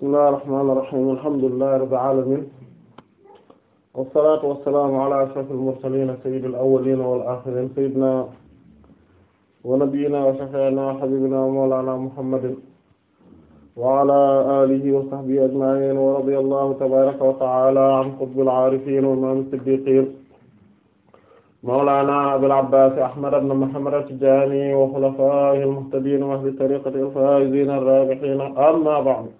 bismillahir rahmanir rahim alhamdulillahi rabbil alamin wassalatu wassalamu ala ashrafil mursalin sayyidil awwalin wal akhirin sayyidina wa nabiyyina wa shafi'ina wa habibina wa mawlana muhammadin wa ala alihi wa sahbihi ajma'in wa radiyallahu tabaraka wa ta'ala an qutbil arifin wa imamid siddiqin mawlana abil abbas ahmad ibn muhammad at-tijani wa khulafa'ihil muhtadin wa ahli tariqati al-faizin ar-rabihin amma ba'd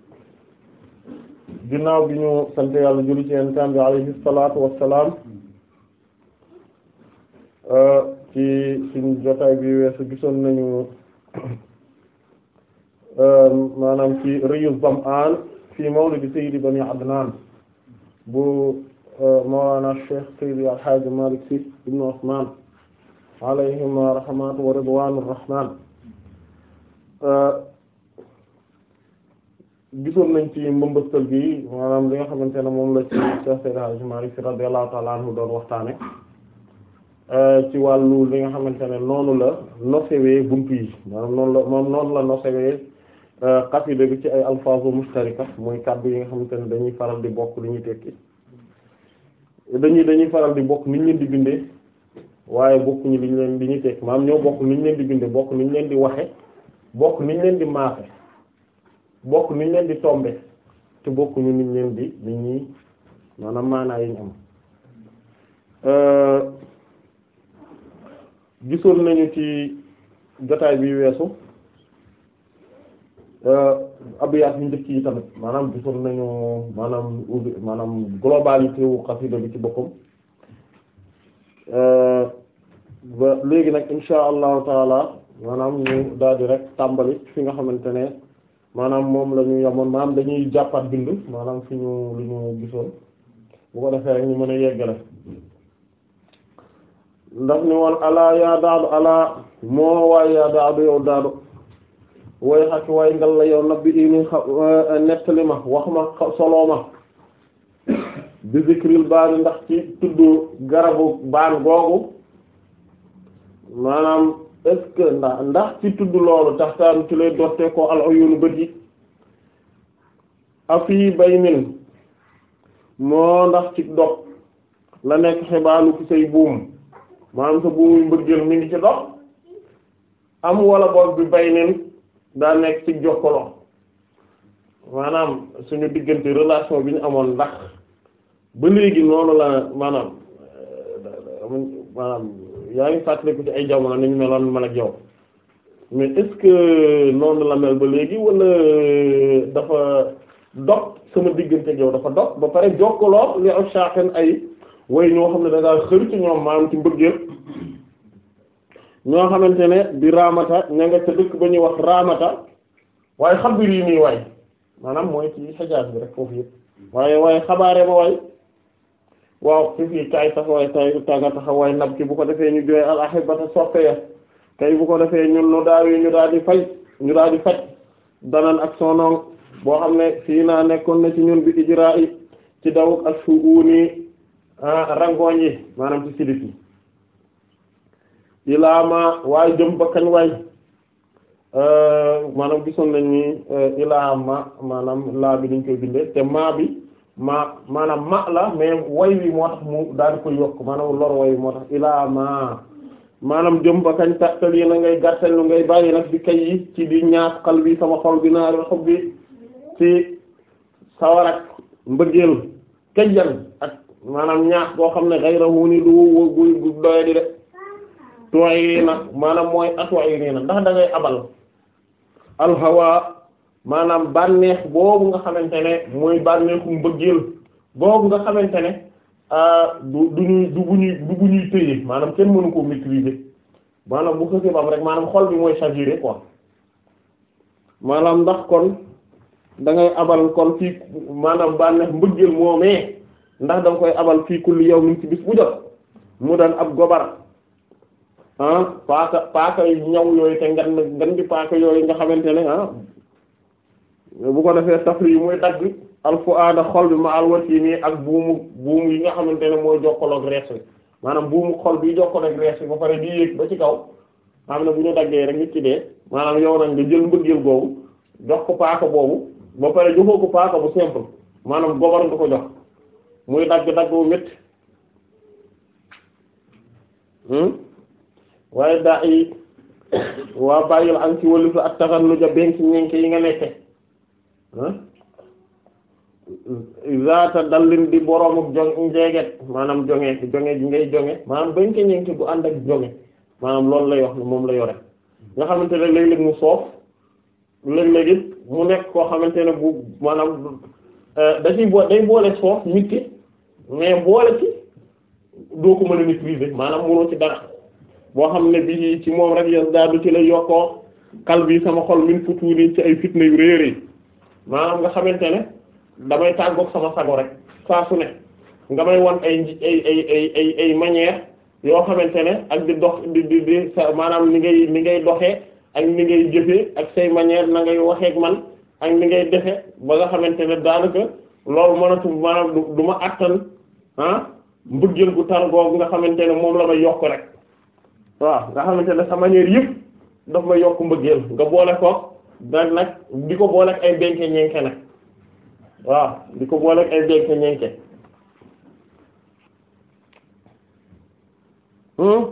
ginnaaw bi ñu sant yàlla julli ci yentaan bi alayhi salaatu wassalaam euh, ci jotaay bi weesu gisoon nañu euh, maanaam ci rëyul zam'aan fi mawlidi sayyidi bani adnaan bu euh, mawlaana cheikh sayyidi alxaaji malik si ibnu usmaan alayhima rahmatu wa ridwaanu rahmaan gisoon nañ ci mbambastal bi maanaam li nga xamante ne moom la ci Cheikh Seydi Hadji Malick Sy radiyallahu ta'ala anhu doon waxtaane euh, ci wàllu li nga xamante ne noonu la nosewee buntu yi maanaam noonu la moom noonu la nosewee euh, xasida bi ci ay alfaazu mustarika mooy kàddu yi nga xamante ne dañuy faral di bokk li ñuy tekki dañuy dañuy faral di bokk niñ leen di bindee waaye bokkuñu liñ leen di ñu tekki maanaam ñëw bokk niñ leen di bindee bokk niñ leen di waxe bokk niñ leen di ma bokk niñ leen di tombe te bokkuñu niñ leen di ni ñuy maanaam maanaa yi ñu am euh, gisoon nañu ci jotaay bi weesu euh, abiyaat yu njëkk yi tamit maanaam gisoon nañu maanaam maanaam globalité bi ci boppam euh, ba léegi nag insha allahu taala maanaam ñu daal rek tàmbali fi nga xamante ne maanaam moom la ñu yamoon maanaam dañuy jàppaat bind maanaam fi ñu lu ñu gisoon bu ko defee ñu mën a yeggale ndax ni woon alaa yaa daadu alaa moo waaye yaa daadu yow daadu way xakk way ngal la yow nabbi i ni euh, nettali ma wax ma soloo ma bi zikril baan ndax ci tudd garabu baan googu maanaam est ce que ndax ndax ci tudd loolu tax taaru ci lay doxte ko al uyunu bët yi afii bay min moo ndax ci dox la nekk xibaalu ki say buum maanaam sa buum mbëggeel mi ngi ci dox am wala boog bi bay nin daa nekk ci jokkolo maanaam suñu diggante relation bi ñu amoon ndax ba léegi noonu la maanaam euh, maanaam yaa ngi fàttaliku ci ay jamono ni ñu meloon man ak yow mais est-ce que noonu la mel ba léegi wala euh, dafa dox sama diggante ak yow dafa dox ba pare jokkaloo li ak saaxeen ay way ñoo xam ne da ngaa xër ci ñoom maanaam ci mbëggeel ñoo xamante ne di raamata ña nga dëkk ba ñuy wax raamata waaye xam yi nii waay maanaam mooy ci xajaas bi rek foofu yëpp waaye waaye xabaare ma waay waaw fi fii kaay taxawaay tay tànga taxawaay nab ki bu ko defee ñu jooy al ahibata soppe ya tay bu ko defee ñun nu daawi ñu daal di fay ñu daal di faj danan ak sonong boo xam ne fii naa nekkoon na ci ñun bi ijraa yi ci daw ak suuni rangooñ yi maanaam ci sidit yi ilaama waaye jëm ba kañ waay euh, maanaam gisoon nañ ni euh, ilaama maanaam laa bi dañ koy bindee te maa bi ma maanam ma la mais woy wi moo tax mu daal di koy yokk maanaam lor way wi moo tax ilaa ma maanaam jëm ba kañ tàttal yi na ngay gàttal lu ngay bàyyi nag di kay yi ci di ñaas xal bi sama xol bi naari xob bi ci sawar ak mbëggeel kayyan ak maanaam ñaax boo xam ne xayra wu ni lu gu doye di de toyi nag maanaam mooy atoyi nii nag ndax dangay ngay abal alhawa maanaam bànneex boobu nga xamante ne mooy bànneexu mbëggeel boobu nga xamante ne euh, du du ñuy du bu ñuy du maanaam kenn mënu koo maîtriser maanaam bu xësee am rek maanaam xol bi mooy chaviré quoi maanaam ndax kon da ngay abal kon fii maanaam bànneex mbëggeel moomee ndax da koy abal fii kulli yawmin ci bis bu jot mu daan ab gobar ah, paaka paaka ñaw yooyu te ngan ngan di paaka yooyu nga xamante ne ah bu ko defee tafri yi muy dagg alfuaada xol bi ma alwat yi ak buumu buum yi nga xamante ne mooy jokkaloog rees bi maanaam buumu xol bi jokkaloog rees bi ba pare di yéeg ba ci kaw maanaam ne bu ñu daggee rek nit ci dee maanaam yow nag nga jël mbëggeel googu jox ko paaka boobu ba pare joxoo ko paaka bu simple maanaam gobar nga ko jox muy dagg dagg bu métti hmm? waaye daa i waa bàyyil an si wàllu sa ak taxannuja benn ci ñenke yi nga nekke zaata dallin di boroomu jong njeeget maanaam jonge jonge ji ngay jonge maanaam benke ñenke bu ànd ak jonge maanaam loolu lay wax ne moom la yore nga xamante ne léeg-léeg mu soof léeg-léeg mu nekk koo xamante ne bu maanaam eh, da ciy bo day boole soof mitti mais boole ci doo ko mën a maîtriser maanaam mënoo ci dara boo xam ne bi ci moom rek yas daadu ci lay yokkoo kal bi sama xol min futuuri ci ay fitna yu réeré maanaam nga xamante ne damay tàggoog sama sago rek saa su ne nga may wan ay ay ay ay ay ay manière yoo xamante ne ak di dox di di di maanaam ni ngay ni ngay doxee ak ni ngay jëfee ak say manière na ngay waxeeg man ak ni ngay defe ba nga xamante ne daanaka loolu mënatu maanaam du ma àttan ah mbëggeel gu tar googu nga xamante ne moom la may yokk rek waaw nga xamante ne sa manière yëpp daf may yokk mbëggeel nga boole ko. dañ nag di ko booleeg ay benke ñenke nag waaw di ko booleeg ay benke ñenke hmm?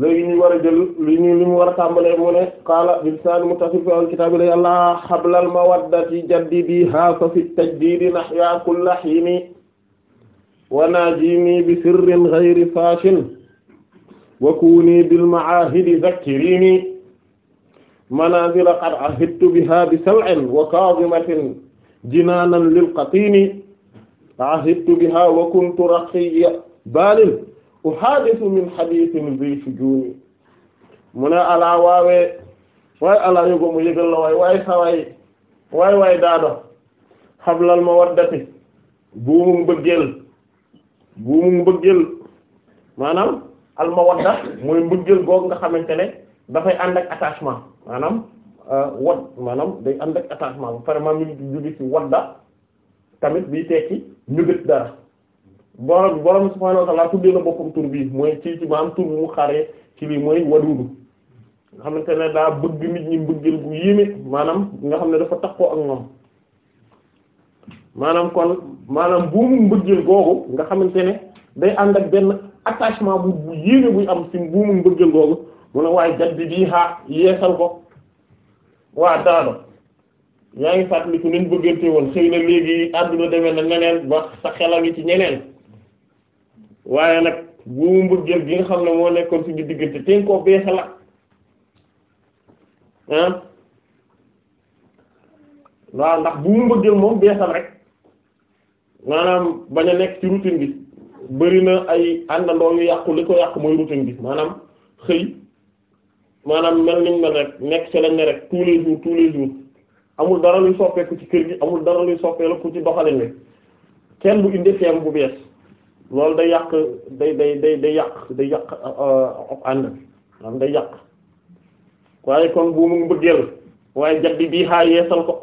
léegi ñu war a jël li li mu war a tàmbalee mu ne qaala bi lisaan muttasil fi al kitaab la yàlla xablal jaddidi haa fi tajdidi nahya kulla hiini wa bi sirrin ghayri faashin wa kuuni bil maahidi manazila qad ahittu biha bi sal'in wa kazimatin jinaanan lil qatini ahittu biha wa kuntu raqiya balin uhadithu min hadithin zi sujuni mu ne alaa waawee waay alaa yóbba mu yëgal la waay waay sawaay waay waay daado xablal mawaddati buumu mbëggeel buumu mbëggeel maanaam al mawadda mooy mbëggeel goog nga xamante ne dafay ànd ak attachement maanaam euh, wad maanaam day ànd ak attachement ba pare maam ñu ngi jóge ci wadda tamit biy tekki ñu gët dara borom borom subhaanahu wa ta'aala tuddee na boppam tur bii mooy ci ci maanaam tur bu mu xaree ci lii mooy wadudu nga xamante ne daa bëgg nit ñi mbëggeel bu yéeme maanaam nga xam ne dafa takkoo ak ñoom maanaam kon maanaam buumu mbëggeel googu nga xamante ne day ànd ak benn attachement bu bu yéeme buy am ci buumu mbëggeel googu mu ne waaye jaddi bii xaa yeesal ko waa daano yaa ngi fàttaliku nañ bëggante woon xëy na léegi àdduna demee na neneen ba sa xelam yi ci ñeneen waaye nag bu mbëggeel gi nga xam ne moo nekkoon suñu diggante tënk koo beesalaat ah waaw ndax bu mbëggeel moom beesal rek maanaam bañ a nekk ci routine bi bari na ay àndandoo yu yàqu li ko yàq mooy routine bi maanaam xëy. maanaam mel nañ mel rek nekk ci lañ ne rek tous les jours tous amul dara luy soppeeku ci kër gi amul dara luy soppeeku ci doxalin wi kenn bu indi thème bu bees loolu day yàq day day day day yàq day yàq euh, euh, ànd maanaam day yàq waaye kon bu mu mbëggeel waaye jat bi bii xaa yeesal ko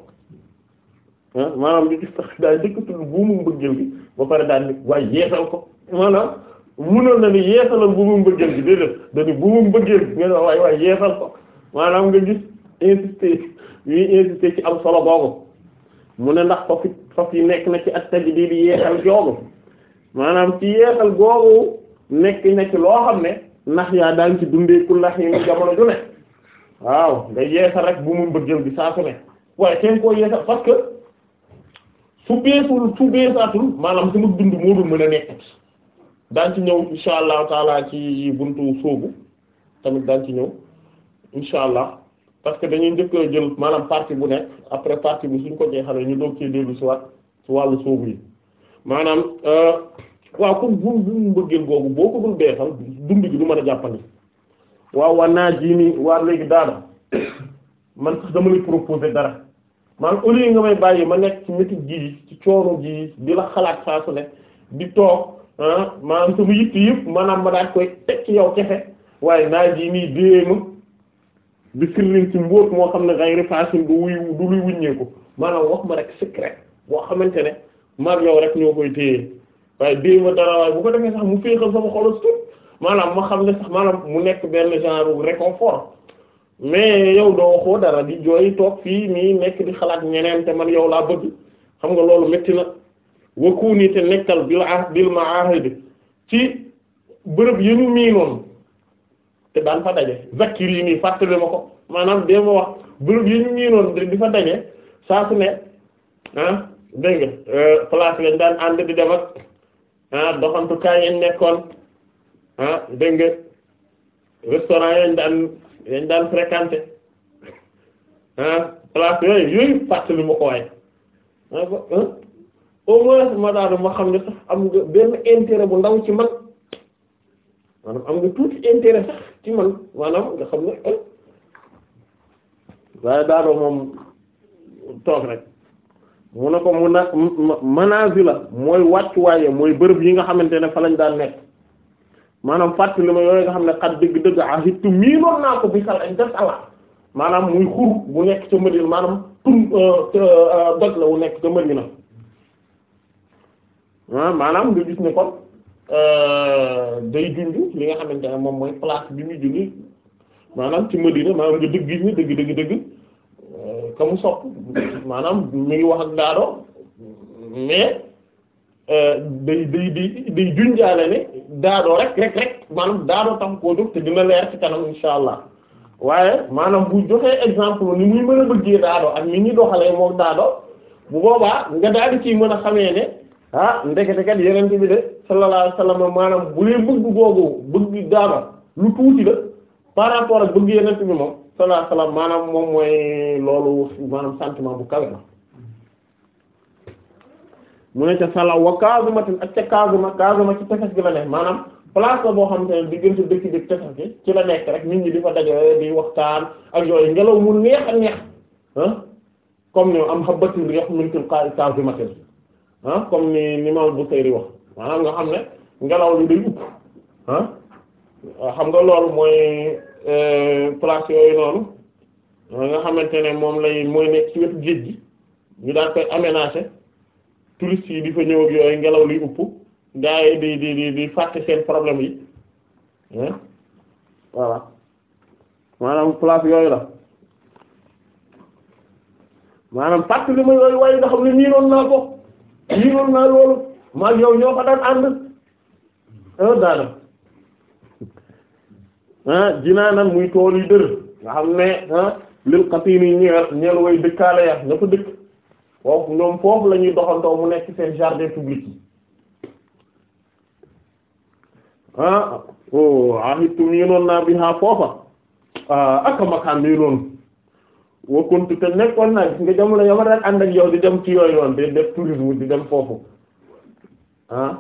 maanaam li ci sax daal dëkk tudd bu mu mbëggeel bi ba pare daal di waaye yeesal ko maanaam munal na ni yeesalal bu mu mbëggeel bi déedéet dañu bu mu mbëggeel bi nga waay waay yeesal ko maanaam nga gis insister yuy insister ci am solo boobu mu ne ndax foofu foofu yi nekk na ci at taji di di yeesal joogu maanaam ci yeesal googu nekk na ci loo xam ne ndax yaa daan ci dundee ku ndax yi jamono ju ne waaw nga yeesal rek bu mu mbëggeel bi saa ne waaye kenn koo yeesal parce que su beesul su beesaatul maanaam su mu dund moo dul mën a nekk daan ci ñëw insha allahu taala ci buntu sóobu tamit daan ci ñëw insha allah parce que dañuy njëkk a jël maanaam partie bu nekk après partie bi suñ ko jeexalee ñu doog cee dellu si waat si wàllu sóobu yi maanaam euh, waaw comme bu bu mbëggeel googu boo ko dul beexal dund gi du mën a jàppandi waaw waa naa jii nii waa léegi daana man sax dama lay proposer dara maanaam au lieu nga may bàyyi ma nekk ci métti ji ci coono ji di la xalaat saa su ne di toog Ah maanaam sama yitt yëpp maanaam ma daal koy teg ci yow kefe waaye naa ji nii déema bi sirrin ci mbóot moo xam ne gayri facile du wuy du luy wuññeeku maanaam wax ma rek secret boo xamante ne mag yow rek ñoo koy téye waaye déema dara waaye ko defee sax mu féexal sama xolo tut maanaam ma xam ne sax maanaam mu nekk benn genre réconfort mais yow doo waxoo dara di jooy toog fii nii nekk di xalaat ñeneen te man yow laa bëgg xam nga loolu métti na wa kuuni te nekkal bil ah, bil ma'ahid ci bërëb yënu miinoon te daan fa daje zakkir yi nii fàttali ma ko maanaam dee ma wax bërëb yënu miinoon di fa daje saa ne ah dégg nga euh, place lañ daan ànd di dem ak ah doxantukaay yañ nekkoon ah dégg nga restaurant yañ daan daan fréquenté ah place yooyu yooyu fàttali ma ko waaye ah, ah. au moins ma daal ma xam ne sax nga benn intérêt bu ndaw ci man maanaam am nga tuuti xam waaye daadoo moom toog rek mu ne ko mu na manazila mooy wàccuwaaye mooy bërëb yi nga xamante ne fa lañ daan nekk maanaam fàttali ma yooyu nga xam ne xat dëgg-dëgg ah it miinoon naa ko bi sal ak des ala maanaam muy xur bu nekk ca Madina maanaam tun euh, euh, doj la wu nekk ca Madina maanaam nga gis ne kon euh, day junj li nga xamante ne moom mooy place bi muy maanaam ci Madina maanaam nga dëgg yi dëgg dëgg dëgg euh, ka mu sopp maanaam mi ngi wax ak daado mais euh, day day day day junjaale ne daadoo rek rek rek maanaam daadoo tam koo jóg te dina leer ci kanam insha allah waaye maanaam bu joxee exemple ni muy mën a bëggee daadoo ak ni ñuy doxalee moom daadoo bu boobaa nga daal di ciy mën a xamee ne ah ndekete kat yenente bi de sallallahu alayhi maanaam bu lee bëgg googu bëgg daama lu tuuti la par rapport ak bëgg yenente bi moom sallallahu alayhi maanaam moom mooy loolu maanaam sentiment bu kawe la mu ne ca sala wa ak ca Casamance Casamance ci tefes gi la nekk maanaam place la boo xam ne diggante dëkk bi tefes gi ci la nekk rek nit ñi di fa daje di waxtaan ak yooyu ngelaw mu neex a neex ah comme ni am xabatu li nga xamante ni Casamance ah comme ni ni Imaam Busayri wax maanaam nga xam ne ngelaw li day upp ah xam nga loolu mooy euh, place yooyu noonu nga xamante ne moom lay mooy nekk ci géej gi ñu daan koy aménager touristes yi di fa ñëw yooyu ngelaw li upp gaa yi di di di di seen problème yi voilà maanaam place yooyu la maanaam fàtte li ma yooyu waaye nga xam ne nii noonu naa ko yéegoon naa loolu maa yow ñoo ko daan ànd ah daanam ah jinaanan muy tool dër nga xam ne ah lil xatiin yi ñeel ñeel way dëkkaale ya ña fa dëkk foofu ñoom foofu la doxantoo mu nekk seen jardin public yi ah o oh, ahittum yéenoon naa bi ha foofa ah, aka makaan nii noonu wa kuntu te nekkoon naa gis nga jamono yama daan ànd ak yow di dem ci yooyu noonu di def tourisme di dem foofu ah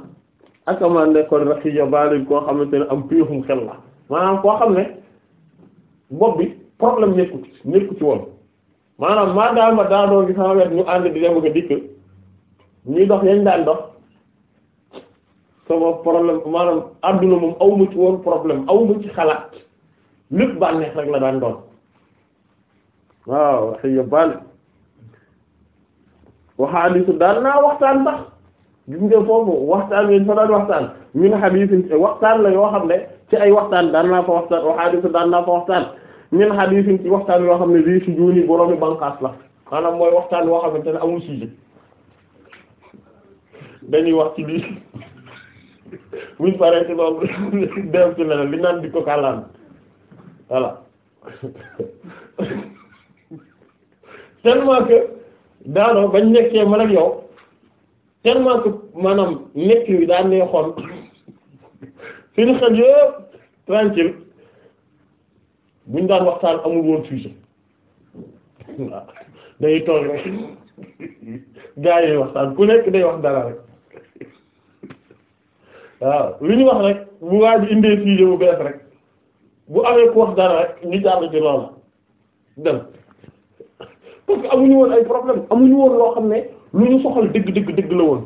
akama nekkoon raxiya baalin koo xamante ne am péexum xel la maanaam koo xam ne bopp bi problème nekku ci nekku ci woon maanaam maa daal ma daa doon gi sama wet ñu ànd di dem ko dikk ñuy dox yañ daan dox sama problème maanaam àdduna moom awma ci woon problème awma ci xalaat lépp bànneex rek la daan doon waaw xëy bal waxaadisu daan naa waxtaan sax gis nga foofu waxtaan weñ fa daan waxtaan min xadiisin waxtaan la yoo xam ne ci ay waxtaan daan naa fa waxtaan waxaadisu daan naa fa waxtaan min xadiisin waxtaan yoo xam ne lii si juuni boroomi banqaas la maanaam mooy waxtaan yoo xamante ne amul li naan di ko kàllaan voilà tellement que daanoo bañ nekkee man ak yow tellement que maanaam nekk wi daan neexoon suñu xel yëpp tranquille buñ daan waxtaan amul woon sujet day toog rek gaa yi waxtaan ku nekk day wax dara rek waaw li wax rek bu waa ji indee sujet bu bees rek bu amee ku wax dara rek ñu jàll ci loolu dem amuñu woon ay problème amuñu woon loo xam ne lu ñu soxal dëgg dëgg dëgg la woon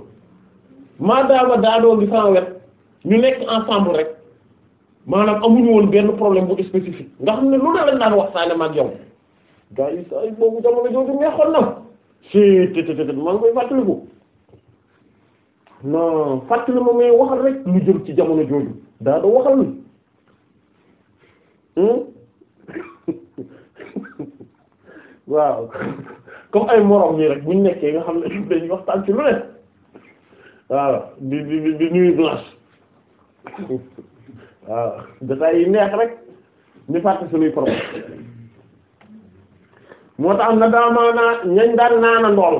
maa maadaama daadoo gi sans wet ñu nekk ensemble rek maanaam amuñu woon benn problème bu spécifique nga xam ne lu ne lañ daan waxtaane ma ak yow gars yi saa yi boobu jamono jooju neexoon na si te te te maa ngi koy fàttaliku non fàttali ma waxal rek lu jëm ci jamono jooju daadoo waxal ni hmm? waaw comme ay morom ñi rek buñ nekkee nga xam ne dañuy waxtaan ci lu ne waaw di di di nuyu blanche waaw jotaay yi neex rek ñu fàtte suñuy problème moo tax am na daamaa naa ñañ daan naana ndool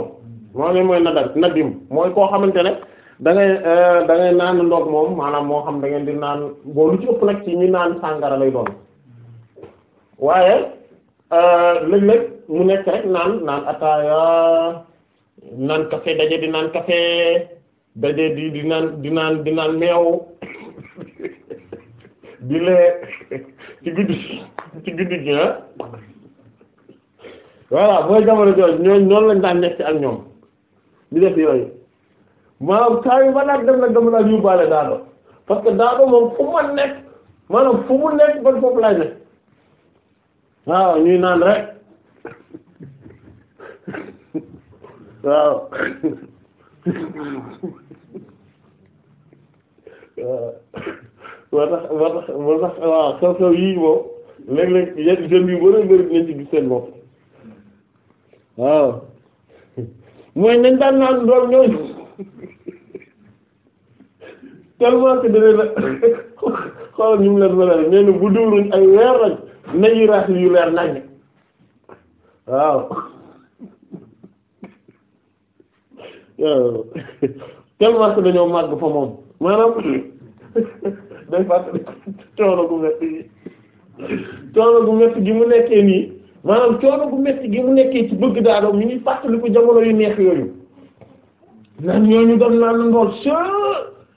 mo ne mooy na nadim mooy koo xamante ne da ngay euh, da ngay naan ndox moom maanaam moo xam da ngeen di naan boo lu ci ëpp nag ci ñi naan sàngara lay doon waaye euh, mu nekk rek naan naan ataaya naan café daje di naan café daje di di naan di naan di naan meew di lee ci guddi ci guddi gi ah voilà mooy jamono jooju noonu lañ daan nekk ak ñoom di def yooyu maanaam saa yu ma daan dem nag dama daan yóbbaale daado parce que daado moom fu ma nekk maanaam fu mu nekk ban foofu laay nekk waaw ñuy naan rek. waaw waaw moo tax moo tax waaw xew xew yii moom léeg-léeg yenn jeunes yu bari bari nañ ci gis seen bopp waaw mooy nañ daan naan dool ñooñu tellement que dane la xoolal ñu mu leen melal nee na bu duuruñ ay weer rek nañu raas yu leer nañ waaw tellement que dañoo màgg fa moom maanaam day fàttali coono gu metti gi coono gu metti gi mu nekkee nii maanaam coono gu metti gi mu nekkee ci bëgg daadoo mi ngi fàttali ko jamono yu neex yooyu naan ñooñu doon naan ndool se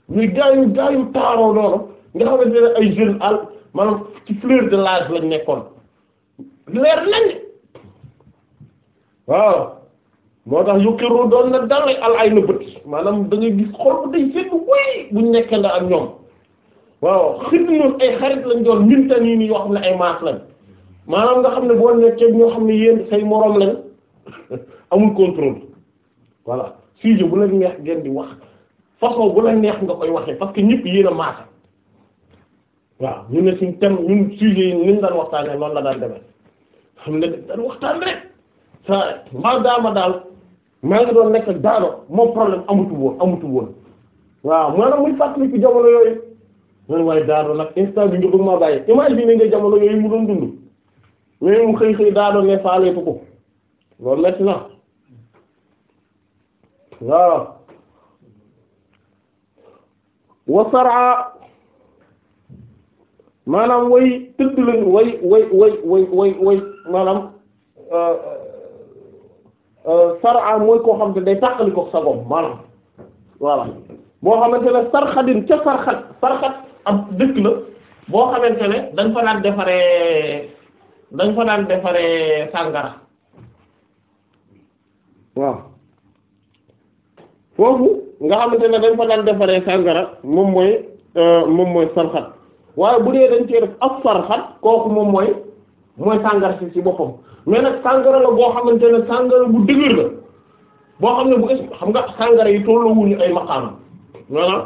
ñuy gaayu gaayu taaroo doonu nga xamante ne ay jeune al maanaam ci fleur de l'âge lañ nekkoon leer nañ waaw moo tax yuqiru doon na dal al ay na bët maanaam da gis xol bu day sedd wéy buñ nekk nda ak ñoom waaw xidmam ay xarit lañ doon minta nii nii yoo xam ne ay maas lañ maanaam nga xam ne boo nekkee ñoo xam ne yéen say moroom lañ amul contrôle voilà sujet bu la neex ngeen di wax façon bu la neex nga koy waxee parce que ñëpp yéen maasa waaw ñu ne suñ thème ñun sujet yi ñu la daan demee xam ne daan waxtaan rek ça va daama daal. maa ngi doon nekk ak daado moom problème amutu woon amutu woon waaw maanaam muy fàttali ci jamono yooyu man waaye daado nag instant bi nga bëgg maa bàyyi imagine nga jamono yooyu mu doon dund mais mu xëy xëy daado ne faaleetu ko loolu metti na waaw wa sara maanaam way tëdd lañu way way way way way way maanaam euh, sar'a mooy koo xam ne day tàqali ko sagom maanaam voilà boo xamante ne sarxadin ca sarxat sarxat am dëkk la boo xamante ne dañ fa daan defaree dañ fa daan defaree sàngara waaw foofu nga xamante ne dañ fa daan defaree sàngara moom mooy euh, moom mooy sarxat waaye bu dee dañ cee def ab sarxat kooku moom mooy mooy sàngara si ci boppam mais nag sàngara la boo xamante ne sàngara bu dëgër la boo xam ne bu xam nga sàngara yi tolluwuñu ay maqaama maanaam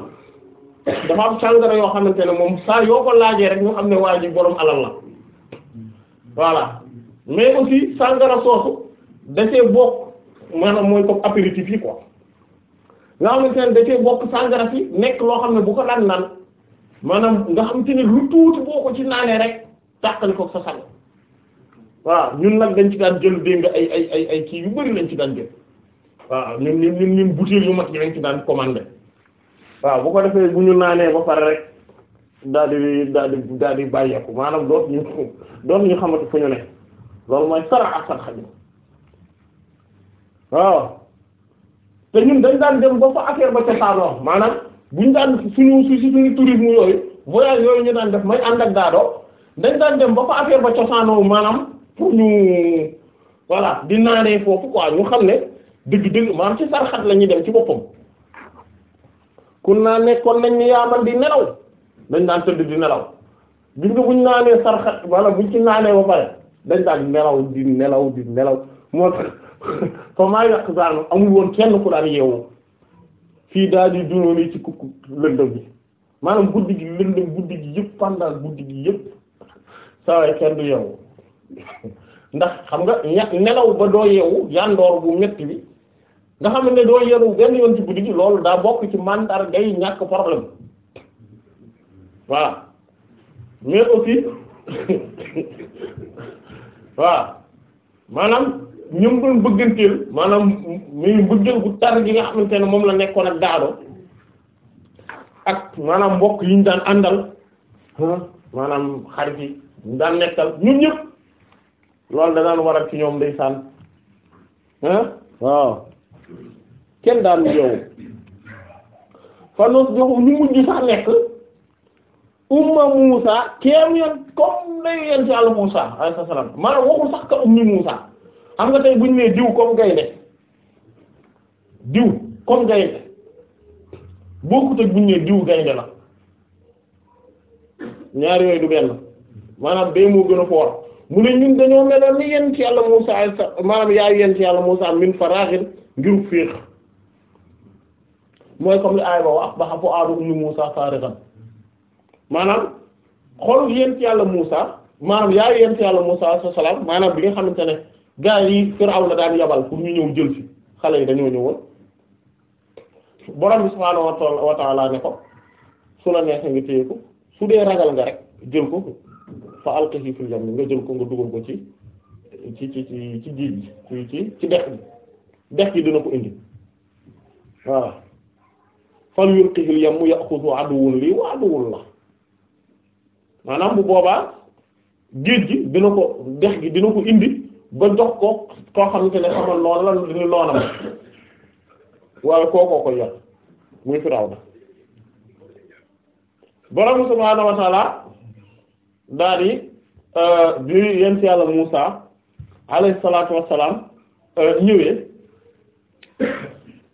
dafa am sàngara yoo xamante ne moom saa yoo ko laajee rek ñu xam ne waa ji boroom alal la voilà mais aussi sàngara soosu da cee bokk maanaam mooy comme apéritif yi ko nga xamante ne da cee bokk sàngara si nekk loo xam ne bu ko daan naan maanaam nga xamante ne lu tuuti boo ko ci naanee rek tàqali ko sa waaw ñun nag dañ ci daan jël dégg nga ay ay ay ay kii yu bari lañ ci daan jël waaw ñun ñun ñun ñun yu mag yi lañ ci daan commandé waaw bu ko defee bu ñu naanee ba pare rek daal daal di daal di bàyyeeku ñu doot ñu xamante fu ñu ne loolu mooy sarax ak sarax bi waaw te ñun dañ daan dem ba fa affaire ba ca saanoo maanaam daan suñu su suñu tourisme yooyu voyage yooyu ñu daan def may ànd ak daadoo dañ daan dem ba fa affaire ba cosaanoo maanaam pour ñu voilà di naanee foofu quoi ñu xam ne dëgg-dëgg maanaam ci sarxat la ñuy dem ci boppam kun naa nekkoon nañ ni yaa man di nelaw dañ daan tëdd di nelaw gis nga buñ naanee sarxat wala buñ ci naanee ba pare dañ daan nelaw di nelaw di nelaw moo tax fa maa yàq saanu amul woon kenn ku daan yeewu fii daal di dunoo nii ci kukku lëndëm bi maanaam guddi gi lëndëm guddi gi yëpp pendant guddi gi yëpp saa kenn du yeewu ndax xam nga ña nelaw ba doo yeewu yàndoor bu metti bi nga xam ne doo yeewu benn yoon ci guddi gi loolu daa bokk ci mandar day ñàkk problème voilà mais aussi voilà maanaam ñoom doon bëgganteel maanaam muy mbëggeel bu tar gi nga xamante ne moom la nekkoon ak daado ak maanaam mbokk yi ñu daan àndal maanaam xarit yi ñu daan nekkal ñun ñëpp. loolu da daan waral ci ñoom ndeysaan ah waaw kenn daan yow fanos jox ñu mujj sax nekk umma Muusa kéem yoon comme day yéen ci àll Muusa alayhi salaam maanaam waxul sax ka ummi Muusa xam nga tey buñu nee diw comme gaynde diw comme gaynde bokkut ak buñu nee diw gaynde la ñaar yooyu du benn maanaam day moo gën a foor mu ne ñun dañoo meloon ni yent yàlla Muusaa ay sa maanaam yaay yent mooy comme li aay ba wax ba xam foo aadu ummi Muusaa faarixan maanaam xol yent yàlla Muusaa maanaam yaay yent yàlla Muusaa sa salaam maanaam bi nga xamante ne gaa yi Firawna daan yabal pour ñu ñëw jël ci xale yi dañoo ñëwoon borom bi subhaanahu wa ta'aala ne ko su la neexee nga téye ko su dee ragal nga rek jël ko fa alqihi fil nga jël ko nga dugal ko ci ci ci ci ci jiib ci ci dex bi dex gi dina ko indi waaw fal yulqihil yam ya'khudhu aduwwun lii wa aduwwun la maanaam bu boobaa géej gi dina ko dex gi dina ko indi ba jox ko koo xamante ne xamal noonu la dina noonam waaye kookoo koy yàq muy Firawna borom subhaanahu wa ta'aala daa di euh, bi yent yàlla Musaa alayhi salaatu wassalaam euh, ñëwee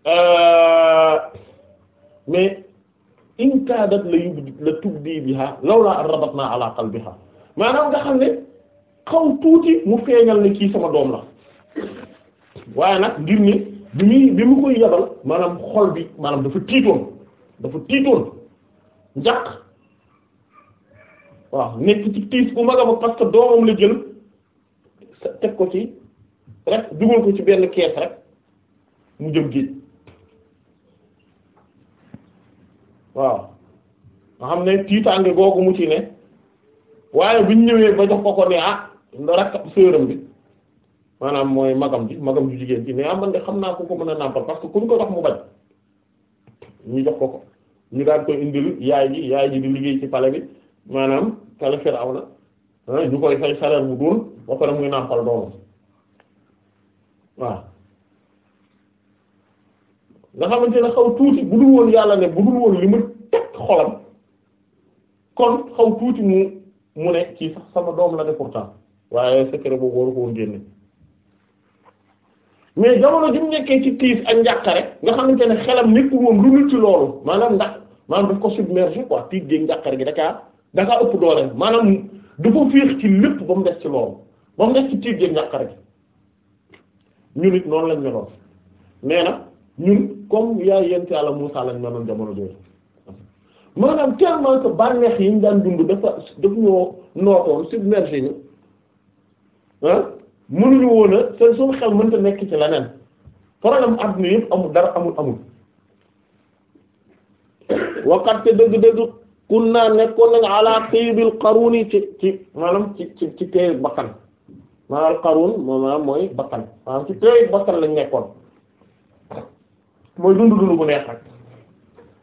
euh, mais in kaadat la yubdi la tubdi biha lawla an rabatna ala qalbiha maanaam nga xam ne xaw tuuti mu feeñal ne kii sama doom la waaye nag ngir ni bi muy bi mu koy yabal maanaam xol bi maanaam dafa tiitoon dafa tiitoon njaq waaw nekk ci tiis bu mag a que doomam la jël teg ko ci rek dugal ko ci benn kees rek mu jëm géej waaw nga xam ne tiitaange googu mu ci ne waaye buñ ñëwee ba jox ko ko ne ah rakab sërëm bi maanaam mooy magam ji magam ju jigéen ci ne ah man de xam naa ko ko mën a nàmpal parce que kuñ ko jox mu bañ ñu jox ko ko ñu daan koy indil yaay ji yaay ji di liggéey ci pale bi maanaam kale Firawna ah ñu koy fay salaire bu dul ba pare muy nàmpal doomam waaw nga xamante ne xaw tuuti bu dul woon yàlla ne bu dul woon li mu teg xolam kon xaw tuuti mu mu ne ci sax sama doom la de pourtant waaye secret boobu waru ko génne mais jamono ji mu nekkee ci tiis ak njàqare nga xamante ne xelam nekkul woon lu nit ci loolu maanaam ndax maanaam daf ko submergé quoi tiis géeg njàqare gi dakaa da ngaa ëpp doole maanaam dafa féex ci lépp ba mu des ci loolu ba mu des ci tiig gi njàqare gi ñun it noonu lañ meloon nee na ñun comme yaay yent yàlla Muusaa lañ meloon jamono jooju maanaam tellement que bànneex yi ñu daan dund dafa daf ñoo nootoon submergé ñu ah mënuñu woon a te suñu mënta nekk ci leneen problème adduna yëpp amul dara amul amul waxaat te dëgg-dëgg kunna naan nañ ala tayyibil qaruni ci ci maanaam ci ci ci teey bakkan maanaam qarun moom mooy bakkan maanaam ci teey bakkan lañ nekkoon mooy dundu dundu bu neex rek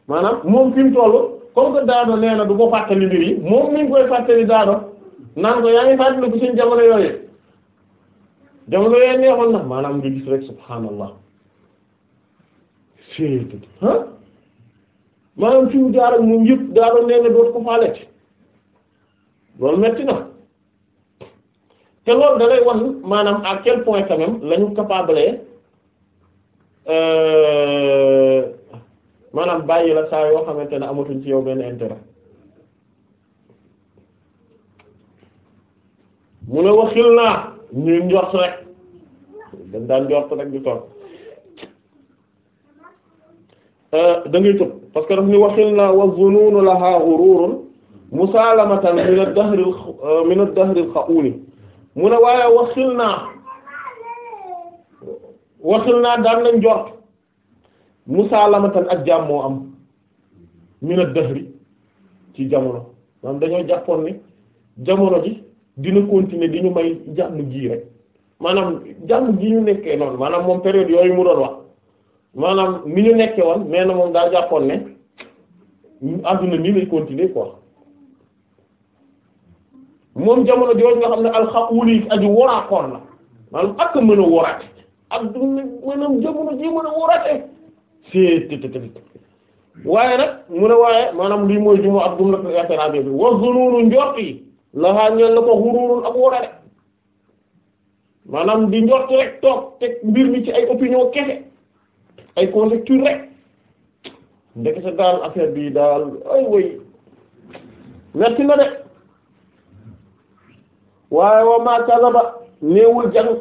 maanaam moom fi mu tollu daa que daado nee na du ko fàttali mbir yi moom mi ngi koy fàttali daado naan ko yaa ngi fàttali bu seen jamono yooyu jamono yooyu neexoon na maanaam nga gis rek subhaanallah fii ah. maanaam fi mu jaar ak moom yëpp daaloon nee na doot ko loolu metti te loolu da wan maanaam ak quel point quand même la ñu capable euh, maanaam bàyyi la saa yoo xamante ne amatuñ ci yow benn intérêt mu ne waxil naa ñuy njort rek dañ daan njort rek di toog Euh, da ngay tëb parce que daf ni waxil naa wa zunuunu lahaa ghuruurun musaalamatan min ad-dahr euh, min ad-dahr mu ne waaye waxil naa waxil naa daan nañ jort musaalamatan ak jàmmoo am min ad-dahr ci jamono maanaam dañoo jàppoon ni jamono ji dina continuer di ñu may jàmm ji rek maanaam jàmm ji ñu nekkee noonu maanaam moom période yooyu mu doon wax maanaam ni ñu nekke woon mais na moom daa jàppoon ne adduna nii lay continuer quoi moom jamono jooju nga xam ne alxaquli aji waraakoon la maanaam ak mën a waraate ak du maanaam jamono ji mën a waraate si tëtëtëtë waaye nag mu ne waaye maanaam lii mooy juma ak jumla yaakaar bi wa zunuunu njort yi la xaañal la ko xuruurun ak waraate maanaam di njort rek toog teg mbir mi ci ay opinion kese ay conjecture rek ndekete daal affaire bi daal ay way metti na de waaye wa maa kazaba jang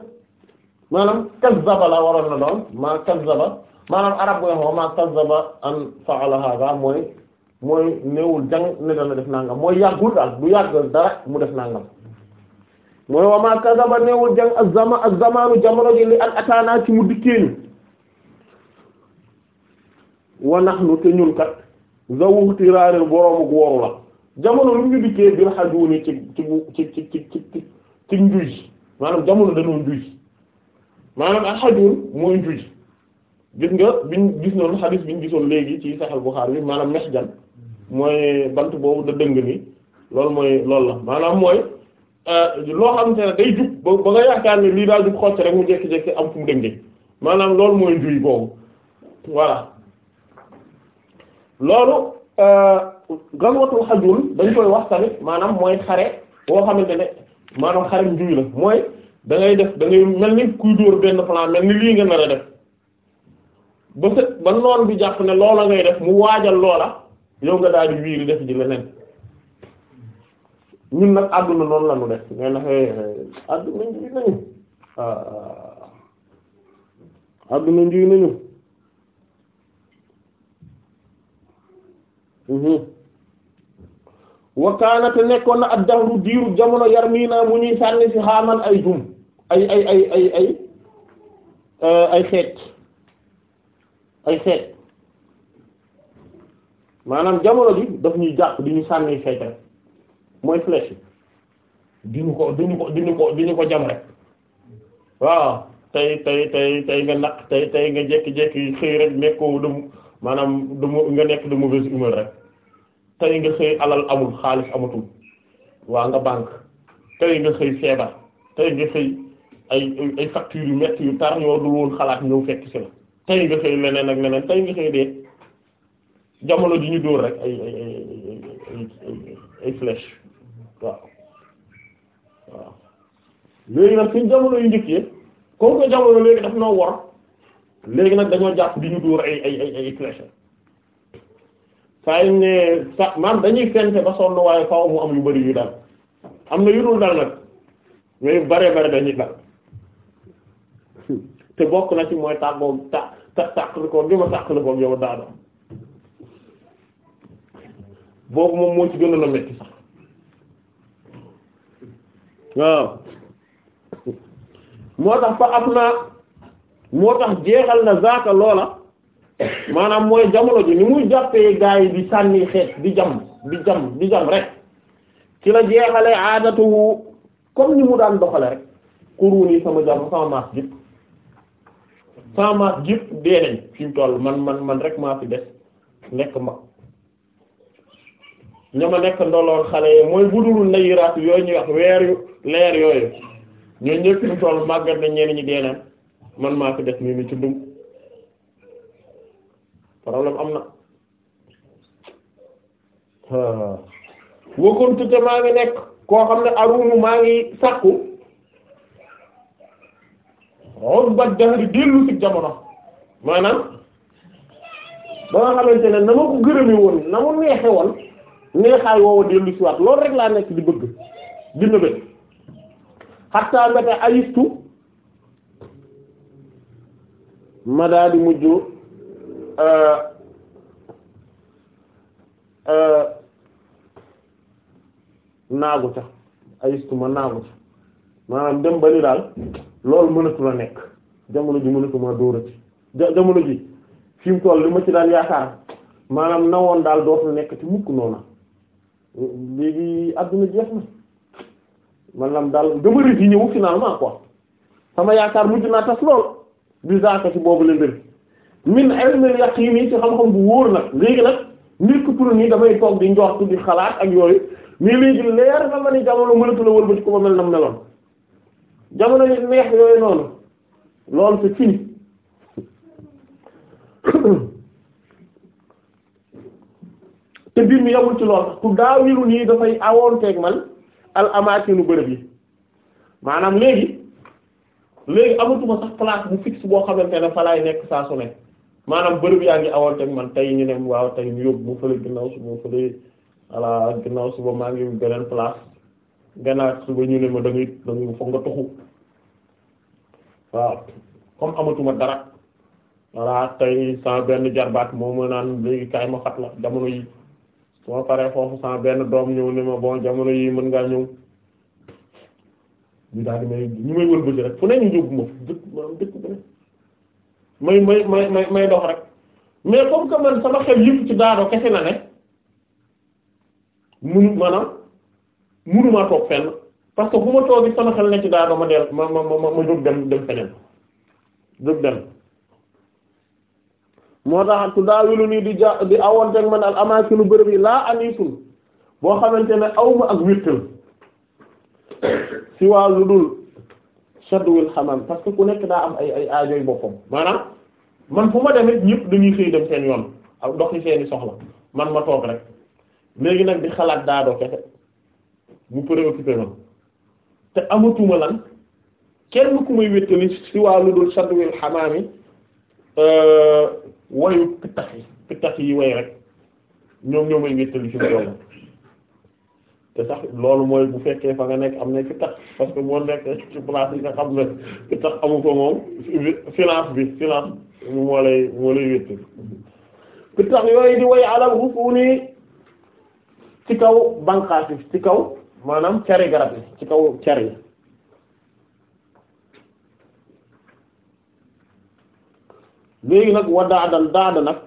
maanaam kazzaba la waroon na doon maa kazzaba maanaam arab bu wax wa maa kazzaba an fa'ala mooy mooy néewul jang ne dana def nangam mooy yàggul daal bu yàggal dara mu def nangam mooy wa maa kazaba jang ak zama ak zamanu jamono ji li an ataana ci wa nahnu te ñun kat zawuti raareel boroomu wooru la jamono lu ñu dikkee bil xajuuni ci ci ci ci ci ci ci njuuj maanaam jamono dañoo njuuj maanaam ak xajuun mooy njuuj gis nga biñ gis noonu xadis biñ gisoon léegi ci Sahih Bukhari bi maanaam mexjan mooy bant boobu da dëng ni loolu mooy loolu la maanaam mooy euh, loo xam ne day jub ba ba nga yaakaar ne lii daal jub xocc rek mu jékki-jékki am fu dëngee maanaam loolu mooy njuuj boobu voilà loolu euh, gazwatul xajul dañ koy wax tamit maanaam mooy xare boo xamante ne maanaam xare njuuy la mooy da def da ngay mel ni kuy dóor benn plan mel ni lii nga nar a def ba sa bi jàpp ne loola ngay def mu waajal loola yow nga daal di wiiri def ji leneen ñun nag àdduna noonu la ñu def ngay na àdduna njuuy nañu ah, àdduna njuuy nañu Mhm. wakaana te nekkoon na ak dahru diiru jamono yar mii naa mu ñuy sànni si xaaman ay jum ay ay ay ay ay euh, ay xeet ay xeet maanaam jamono ji daf ñuy jàpp di ñu sànni xeet mooy flèche di ñu ko di ñu ko di ñu ko di ñu ko jam rek waaw tey tey tey tey nga naq tey tey nga jékki-jékki xëy rek nekkoo dum maanaam dama nga nekk de mauvaise humeur rek tey nga xëy alal amul xaalis amatul waa nga banque tey nga xëy feebar tey nga xëy ay ay yu metti yu tar ñoo dul xalaat ñëw fekk ci la tey nga xëy leneen ak leneen tey nga xëy dee jamono ji ñu dóor rek ay ay ay ay waaw léegi nag suñ jamono yu njëkkee comme que jamono léegi daf noo war léegi nag dañoo jàpp bi ñu dóor ay ay ay ay saa yu ne sa maam dañuy fente ba sonn waaye mu am yu bari yu dal am na yu dul dal nag mais bare bare dañuy dal te bokk na ci mooy tàggoo ta ta tàqali ko gi boobu moom moo ci gënoon a metti sax waaw moo tax fa am na. moo tax jeexal na zaaka loola maanaam mooy jamono ji ni muy jàppee gaa yi di sànni xeet di jam di jam di jam rek ci la jeexale aadatu comme ni mu daan doxale rek kuruun yi sama jam sama maas jëpp sama maas jëpp dee nañ toll man man man rek maa fi des nekk mag ñama nekk ndoloon xale yi mooy budulul na yiraat yooyu ñuy wax weer yu leer yooyu ñoo ñëpp fi mu toll màggat na ñenn ñi dee man maa ko def nii ni ci dum problème am na wakkuntu te maa ngi nekk koo xam ne arumu maa ngi sàkku on bat dahri dellu ci jamono maanaam ba nga xamante ne na ma ko gërëme woon na ma neexe woon neexaay woowa dellu ci waat loolu rek laa nekk di bëgg dina bët xattaa mbete ayistu ma daa di mujj euh, euh, naagu ca ayistuma naagu ca maanaam dem ba daal loolu mënatu la nekk jamono ji mënatuma dóorati jamono ji fi mu toll li ma ci daan yaakaar maanaam nawoon daal dootul nekk ci mukk noona léegi àdduna jeex na maanaam daal dama rëdd yi ñëw finalement quoi sama yaakaar mujj naa tas lool. bi zaaka ci boobu la mbir min ilmil yaqiin yi ci xam-xam bu wóor nag léegi nag nit ku pour nii dafay toog di njox di xalaat ak yooyu mais léegi leer na ma ni jamono mënatu la wëlbati ko ba mel na meloon jamono yi neex yooyu noonu loolu c'est fini te biir mi yamul ci lool ku daawiru nii dafay awoon teeg man al bërëb yi maanaam léegi léegi amatuma sax place bu fixe boo xamante ne fa laay nekk saa su ne maanaam bërëb yaa ngi awal teg man tey ñu ne waaw tey ñu yóbbu mu fële ginnaaw suba mu fële voilà ginnaaw suba maa ngi beneen place gannaaw suba ñu ne ma da ngay da ngay foog amatuma dara voilà tey sama benn jarbaat moom ma léegi kaay ma fat la jamono foofu sama benn doom ñëw ne ma bon jamono yii mën ngaa ñëw. ñu daal di may ñu may wëlbati rek fu ne ñu yóbbu ma dëkk maanaam dëkk bu may dox rek mais comme que man sama xel yëpp ci daado kese la ne munu maanaam munumaa toog fenn parce que bu ma toogee sama xel ne ci daado ma del ma ma ma jóg dem dem feneen jóg dem moo tax tu daawilu nii di ja di awoonteeg man al amaakinu bërëb yi laa anisul boo xamante ne awma ak wértal si waa lu dul shadwil xamam parce que ku nekk daa am ay ay aajoy boppam maanaam man fu ma demee ñëpp dañuy xëy dem seen yoon ak doxi seeni soxla man ma toog rek léegi nag di xalaat daa doo kese mu préoccupé man te amatuma lan kenn ku may wéttali si waa lu dul shadwil xamaam yi euh, wayu pittax yi pittax yi way rek ñoom ñoo may wéttali si ma te sax loolu mooy bu fekkee fa nga nekk am na ki tax parce que boo nekk ci place yi nga xam ne ki tax amu ko moom silence bi silence moo lay moo lay wétt ki tax di way alal rufu nii ci kaw banqaas yi ci kaw maanaam cari garab yi ci kaw car yi léegi nag wa daadal daada nag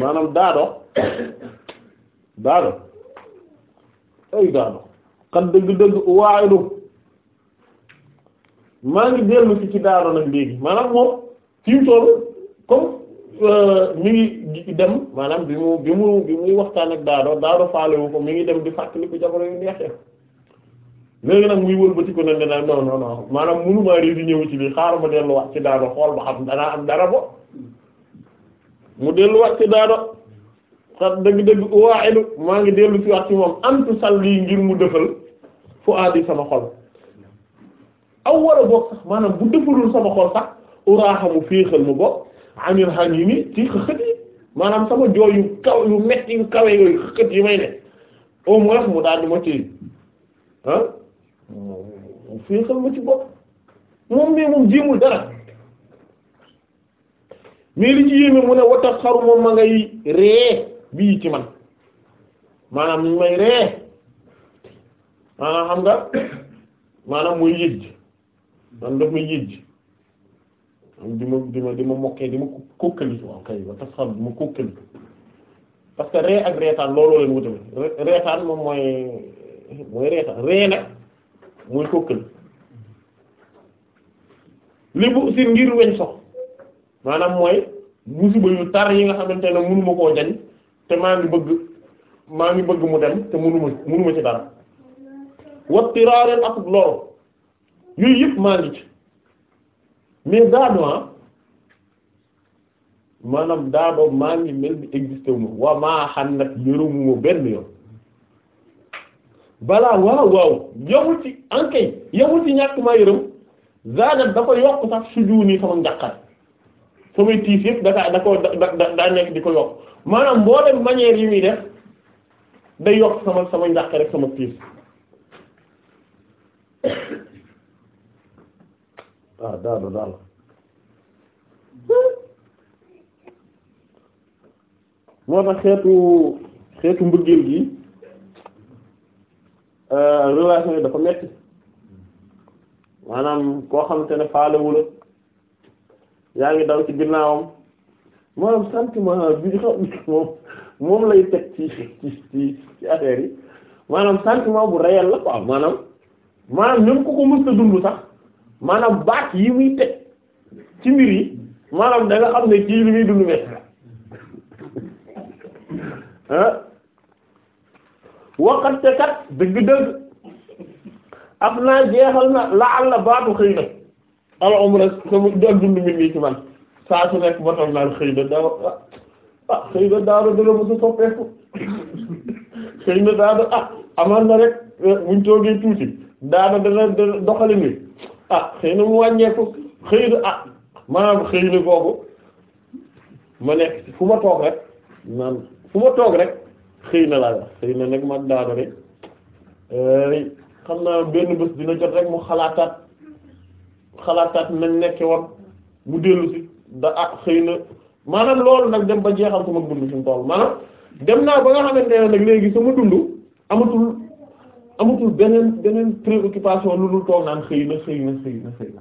maanaam daado daado ay daanu xat dëgg-dëgg waayilu maa ngi dellu ci ci daanu nag léegi maanaam moom fi mu comme euh, mi ngi dem maanaam bi mu bi mu bi muy waxtaan ak daado daado faalewu ko mi ngi dem di fàttali ko jamono yu neexee léegi nag muy wëlbati ko ne ne na non non non maanaam mënumaa ré di ñëw ci lii xaaral ma delluwaat ci daado xool ba xam danaa am dara bo mu delluwaat ci daado sa dëgg-dëgg waaxilu maa ngi dellu ci wax ci moom antu salli ngir mu dëfal fu aadi sama xol aw war a bokk sax maanaam bu dëfalul sama xol sax uraaxa mu féexal mu bokk maanaam sama jooy yu kaw yu metti yu kawe mu daal di ma ci ah mu féexal ma ci bopp moom mais moom jéemul dara mais li ci yéeme mu ne wata xaru ma ngay ree bii ci man maanaam ñu ree maanaam xam nga maanaam mooy yëj man daf may yëj di ma di ma mokkee di ma kókkali waaw kay ba xam di ma kókkali parce que ree ak reetaan looloo leen wutale reetaan moom mooy mooy reetaan ree nag mooy kókkali li bu si ngir weñ sox maanaam mooy musiba yu tar yi nga xamante ne mënuma koo jañ te maa ngi bëgg maa ngi bëgg mu dem te mënuma mënuma ci dara wattiraaleen ak lool yooyu yëpp maa ngi ci mais daadowaa maanaam daadoo maa ngi mel ni existé wu ma waa maa xam nag yërëmuma benn yoon balaa waaw waaw yamul ci ankay yamul ci ñàkk maa yërëm zaada dafa yokk sax sujuuni sama njàqare samay tiis yëpp dakaa da ko da daa nekk di ko yokk maanaam mboolem manière yi muy def day yokk sama sama njàq rek sama tiis waaw daado daal moo tax xeetu xeetu mbëggeel gi euh, relation yi dafa metti maanaam koo xamante ne faalewula yaa ngi daw ci ginnaawam maanaam sentiment bi xam moom lay teg ci ci ci ci affaire yi maanaam sentiment bu réel la quoi maanaam maanaam ñoom ko ko mës a dund sax maanaam baat yi muy teg ci mbir yi maanaam da nga xam ne kii li muy dund metti la ah waxat te kat dëgg-dëgg am naa jeexal na la àll baatu xëy na. al umra sama dund mi nii ci man saa su nekk ma toog naan xëy na daaw ah, ah xëy na daaw dana mos a soppeeku xëy na daaw ah amaan na rek eh, buñ toogee tuuti daaw dana dana doxalin ah xëy na mu wàññeeku xëy na ah maanaam xëy na boobu ma nekk fu ma toog rek naan fu ma toog rek xëy na laa xëy na nag ma daaw rek eh, xam naa benn bés dina jot rek mu xalaataat. xalaataat nañ nekke woon mu dellu da ah xëy na maanaam loolu nag dem ba jeexal sama dund fi mu maanaam dem naa ba nga xamante ne nag léegi sama dund amatul amatul beneen beneen préoccupation lu dul toog naan xëy na xëy na xëy na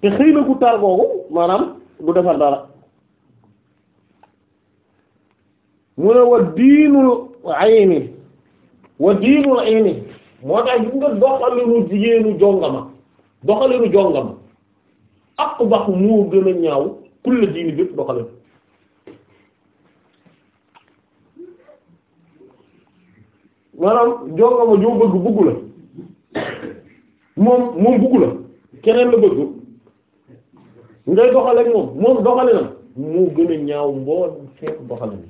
te xëy na ku taal boobu maanaam du defar dara mu ne wa diinul ayni wa diinul ayni moo tax nga doxalinu jigéenu jongama doxalinu jongama ak bax moo gën a ñaaw kulla diini bépp doxalin maanaam jongama joo bëgg bëggu moom moom bëggu keneen la bëgg ngay doxal ak moom moom doxalinam moo gën a ñaaw mbool fekk doxalin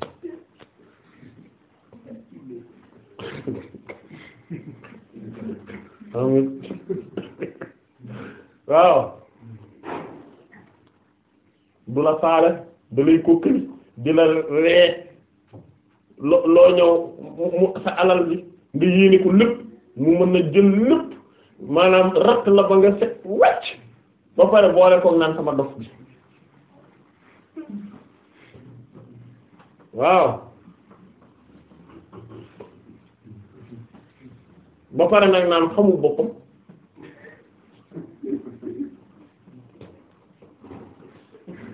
amiin waaw du la saale da lay kokkali di la ree lo loo ñëw mu sa alal bi nga yéene ko lépp mu mën na jël lépp maanaam ratt la ba nga set wàcc ba pare boole koog naan sama dof bi waaw ba pare nag naan xamul boppam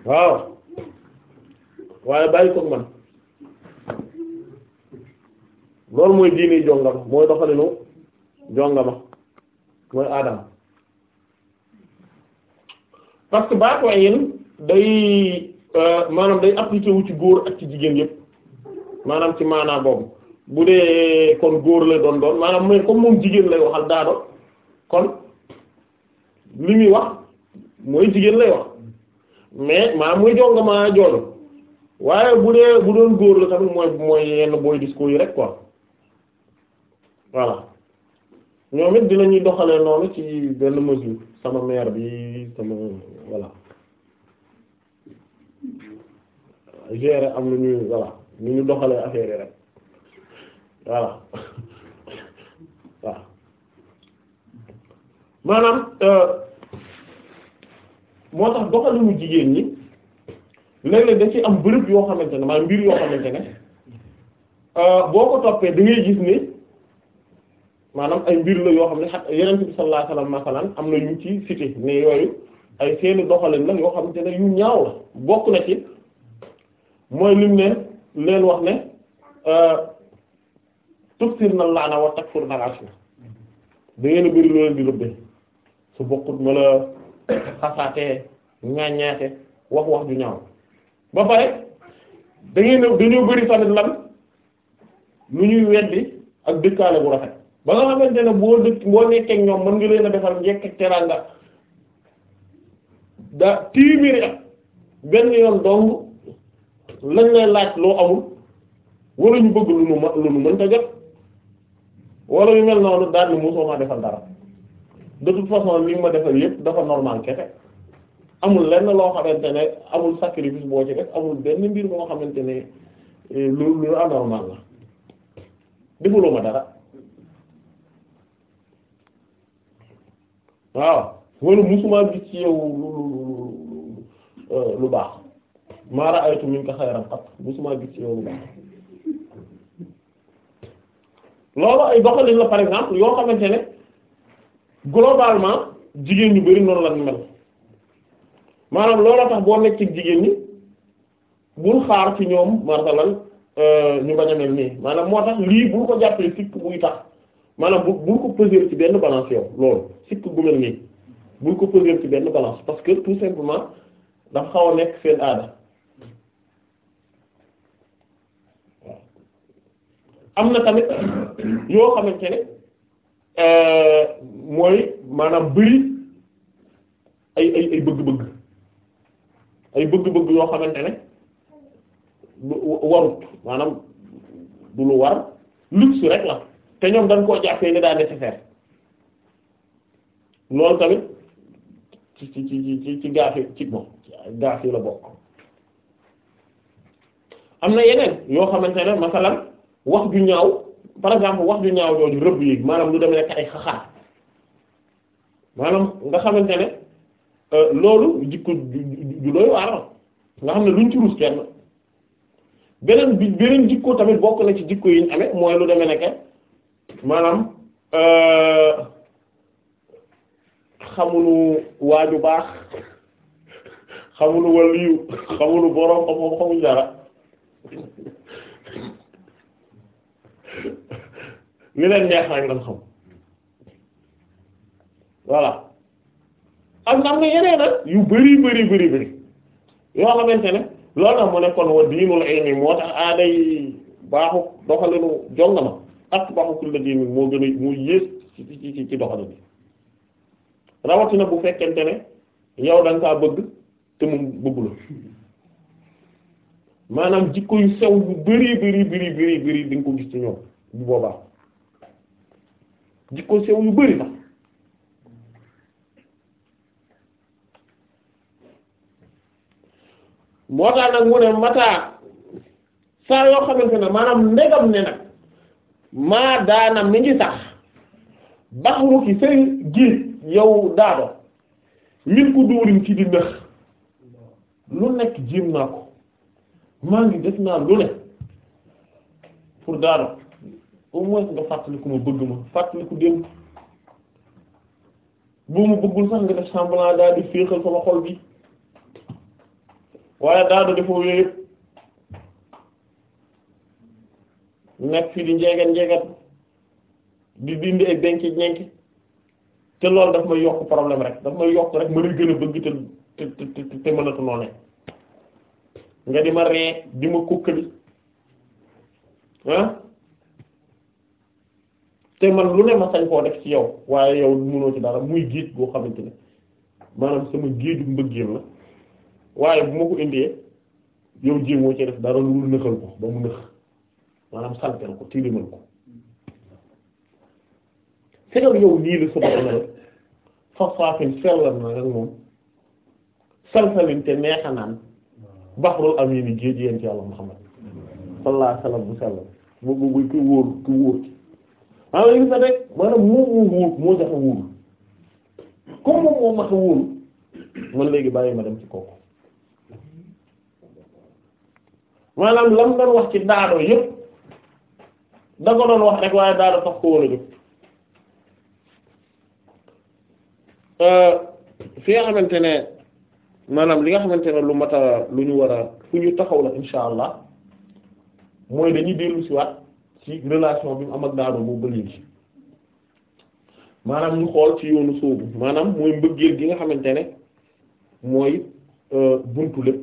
waaw waaye bàyyi koog man loolu mooy diini jongama mooy doxalinu jongama mooy aadama parce que baat wayin day euh, maanaam day appliqué wu ci góor ak ci jigéen yépp maanaam ci maanaa boobu bu dee kon góor la doon doon maanaam mooy comme moom jigéen lay waxal daado kon li wax mooy jigéen lay wax mais maanaam mooy jongama jooju waaye bu dee bu doon góor la tamit mooy mooy yenn booy discours yi rek quoi voilà ñoom it dinañuy doxalee noonu ci benn mesure sama mère bi sama voilà gérer am lu ñuy voilà ñu ñu doxalee affaire rek voilà waaw maanaam euh, moo tax doxalinu jigéen ñi léeg-léeg dañ ci am bërëb yoo xamante ne maanaam mbir yoo xamante ne euh, boo ko toppee da gis ni maanaam ay mbir la yoo xam ne xa Yonent bi sallallahu am na ñu ci cité ne yooyu ay seeni doxalin la yoo xamante ne yu ñaaw la bokk na ci mooy lim ne leen wax ne. Euh, tufsir na laana wa takfur na arsh na da ngeen a bëri loo di rëbbee su bokkut ma la xasaatee ñaañaate wax wax ju ñaaw ba pare da ngeen a dañoo bëri tamit lan lu ñuy weddi ak dëkkaale bu rafet ba nga xamante ne boo dëkk boo nekkee ñoom mën nga leen a defar njekk ak teraanga da téeméeri benn yoon dong lañ lay laaj loo amul wala ñu bëgg lu nu ma lu nu mënta jot wala yu mel noonu daal ni mosoo ma defal dara de toute façon li ma defal yëpp dafa normal kese amul lenn loo xamante ne amul sacrifice boo ci def amul benn mbir moo xamante ne eh, lu lu anormal la defuloo ma dara waaw wala mosuma gis ci yow lu lu lu baax maara aytu min ko xayran xat mosuma gis ci yow lu baax loolu ay doxalin la par exemple yoo xamante ne globalement jigéen ñu bari noonu la mel maanaam looloo tax boo nekk ci jigéen ñi bul xaar ci ñoom marsalal euh, ñu bañ a mel nii maanaam moo tax lii bul ko jàppee sikk buy tax maanaam bu bul ko peser ci benn balance yow loolu sikk bu mel nii bul ko peser ci benn balance parce que tout simplement dafa xaw a nekk seen aada am na tamit yoo xamante ne euh, mooy maanaam bëri ay ay ay bëgg-bëgg ay bëgg-bëgg yoo xamante ne warut maanaam du lu war luxe rek la te ñoom dañ koo jàppee ne daa nécessaire loolu tamit ci ci ci ci ci gaafi ci moom gaaf yi la bokk am na yeneen yoo xamante ne masalan wax ju ñaaw par exemple wax ju ñaaw jooju rëbb yi maanaam lu demee nekk ay xaxaar maanaam nga xamante ne euh, loolu jikko ju doy waar nga xam ne luñ ci kenn beneen bi beneen jikko tamit bokk na ci jikko yi ñu amee mooy lu demee nekk maanaam euh, xamuñu waaju baax xamuñu waliyu xamuñu boroom xam-xam dara li leen neex rek lañ xam voilà am na am yeneen nag yu bari bari bari bari yoo xamante ne lool nag mu ne kon wa diinul moo tax aaday baaxu doxalinu jongama ak baaxu kulla diini moo gën a moo yées ci ci ci doxalin rawatina bu fekkente ne yow da kaa bëgg te mu bëggu la maanaam jikko yu sew yu bari bari bari bari bari di nga ko gis ci ñoom bu boobaa jikko sew yu bari sax moo tax nag mu ne mata saa yoo xamante ne maanaam ndegam ne nag maa daana mi ngi sax baxru ki say géej yow daado min ko dóorim ci di nëx lu nekk jiim naa ko maa ngi def naa lu ne pour daado au moins nga fàttaliku bëgg ma fàttaliku démb boo ma bëggul sax nga def semblant daal di féexal sama xol bi waaye daado defoo yooyu yëpp nekk fii di njeegat njeegat di dindi ay benki ñenki te loolu daf may yokk problème rek daf may yokk rek ma lay gën a bëgg te te te te mënatu noone nga di ma ree di ma kukkali ah te man lu ne ma sañ koo def ci yow waaye yow mënoo ci dara muy géej goo xamante ne maanaam sama géeju mbëggeel la waaye bu ma ko indee yow jéemoo ci def dara lu dul ko ba mu nëx maanaam saltel ko tilimal ko fegal yow nii la suba na la fafaafin sellal na rek moom salsalin te neexa naan baxrul amini géej yéen ci yàlla Muhammad sallallahu alayhi wasallam bu sellal bu bu bu ku wóor ku wóor ah li maanaam léegi bàyyi ma dem ci kooku maanaam lam doon wax ci daado yëpp da ko wax rek waaye daado tax ko woon euh, nga xamante ne maanaam li nga xamante ne lu mat a lu ñu war a fu ñu taxaw la insha allah mooy dañuy dellu waat ci relation bi mu am ak daadoo boobu ba léegi maanaam ñu xool ci yoonu sóobu maanaam mooy mbëggeel gi nga xamante ne mooy euh, buntu lépp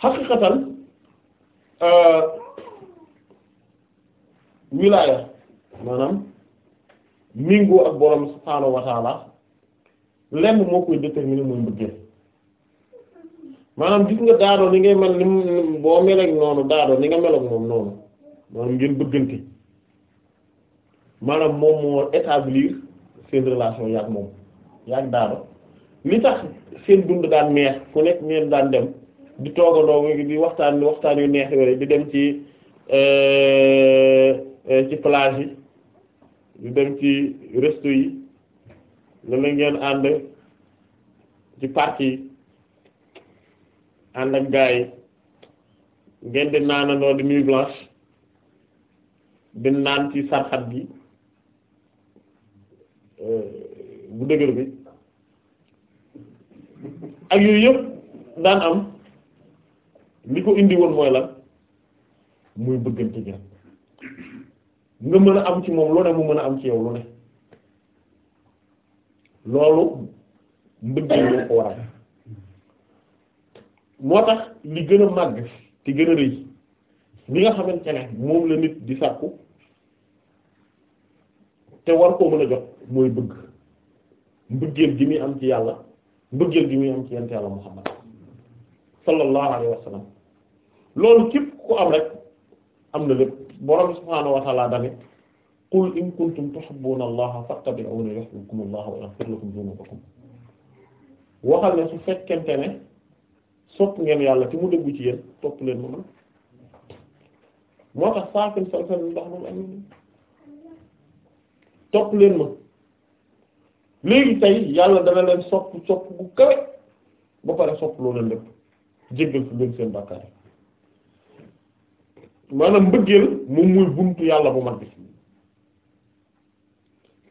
xaqiqatan euh, wilaaya maanaam mingoo ak borom subhaanahu wa taala lenn moo koy déterminer mooy mbëggeel maanaam gis nga daadoo ni ngay man ni boo mel ak noonu daadoo ni nga mel moom noonu maanaam ngeen bëggante maanaam moom moo établir seen relation yaag moom yaag daadoo li tax seen dund daan neex ku nekk ngeen daan dem di toogandoo di waxtaan waxtaan yu neex yooyu di dem ci euh, ci plage yi di dem ci resto yi la ngeen ànd ci parc yi ànd ak gaa yi ngeen di naanandoo di nuit blanche di naan ci sarxat bi euh, bu dëgër bi ak yooyu yëpp daan am li ko indi woon mooy lan muy bëggante ja nga mën a am ci moom lu ne mu mën a am ci yow lu ne loolu mbëggeel moo ko moo tax li gën a màgg te gën a rëy li nga xamante ne moom la nit di sàkku te war koo mën a jot mooy bëgg mbëggeel gi muy am ci yàlla mbëggeel gi muy am ci yent yàlla Muhammad sallallahu alayhi wa sallam loolu képp ku am rek am na lépp borom subhaanahu wa ta'ala dane qul in kuntum tuhibbuna allaha fattabi'uni yuhibbukum allah wa yaghfir lakum dhunubakum waxal ne su fekkente ne sopp ngeen yàlla ci mu dëggu ci yéen topp leen ma man moo tax saafin salsal bi ndax moom am topp leen ma léegi tey yàlla dana leen sopp sopp bu kawe ba pare sopp loo leen lépp jéggal fu leen seen bàkkaar yi maanaam mbëggeel moom muy buntu yàlla bu mag bi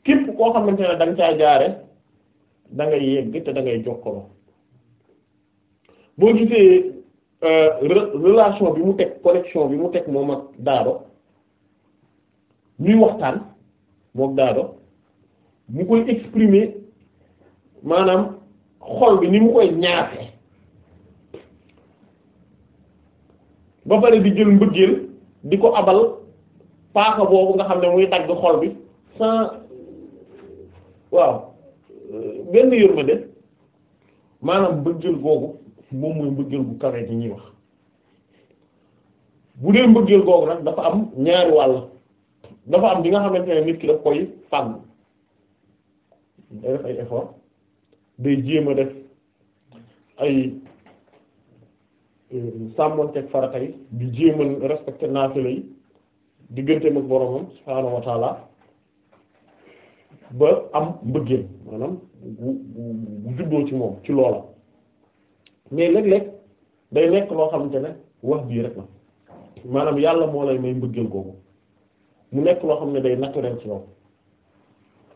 képp koo xamante ne da nga caa jaare da ngay yegg te da ngay jokkaloo boo gisee euh, relation bi mu teg connexion bi mu teg moom ak Daado ñuy waxtaan moom Daado mu koy exprimer maanaam xol bi ni mu koy ñaase ba pare di jël mbëggeel di ko abal paaka boobu nga xam ne muy dagg xol bi sans waaw euh, benn yërmande maanaam mbëggeel boobu moom mooy mbëggeel gu kawe gi ñuy wax bu dee mbëggeel googu nag dafa am ñaari wàll dafa am li nga xamante ne nit ki daf koy fàggu day def ay effort day jéem a def ay euh, sàmmonteeg farata yi di jéem a respecté naafila yi digganteem ak boromam subhaanahu wa ba am mbëggeel maanaam bu bu juddoo ci moom ci loola mais léeg-léeg day nekk loo xamante ne wax bii rek la maanaam yàlla moo lay may mbëggeel googu mu nekk loo xam ne day naturel ci yow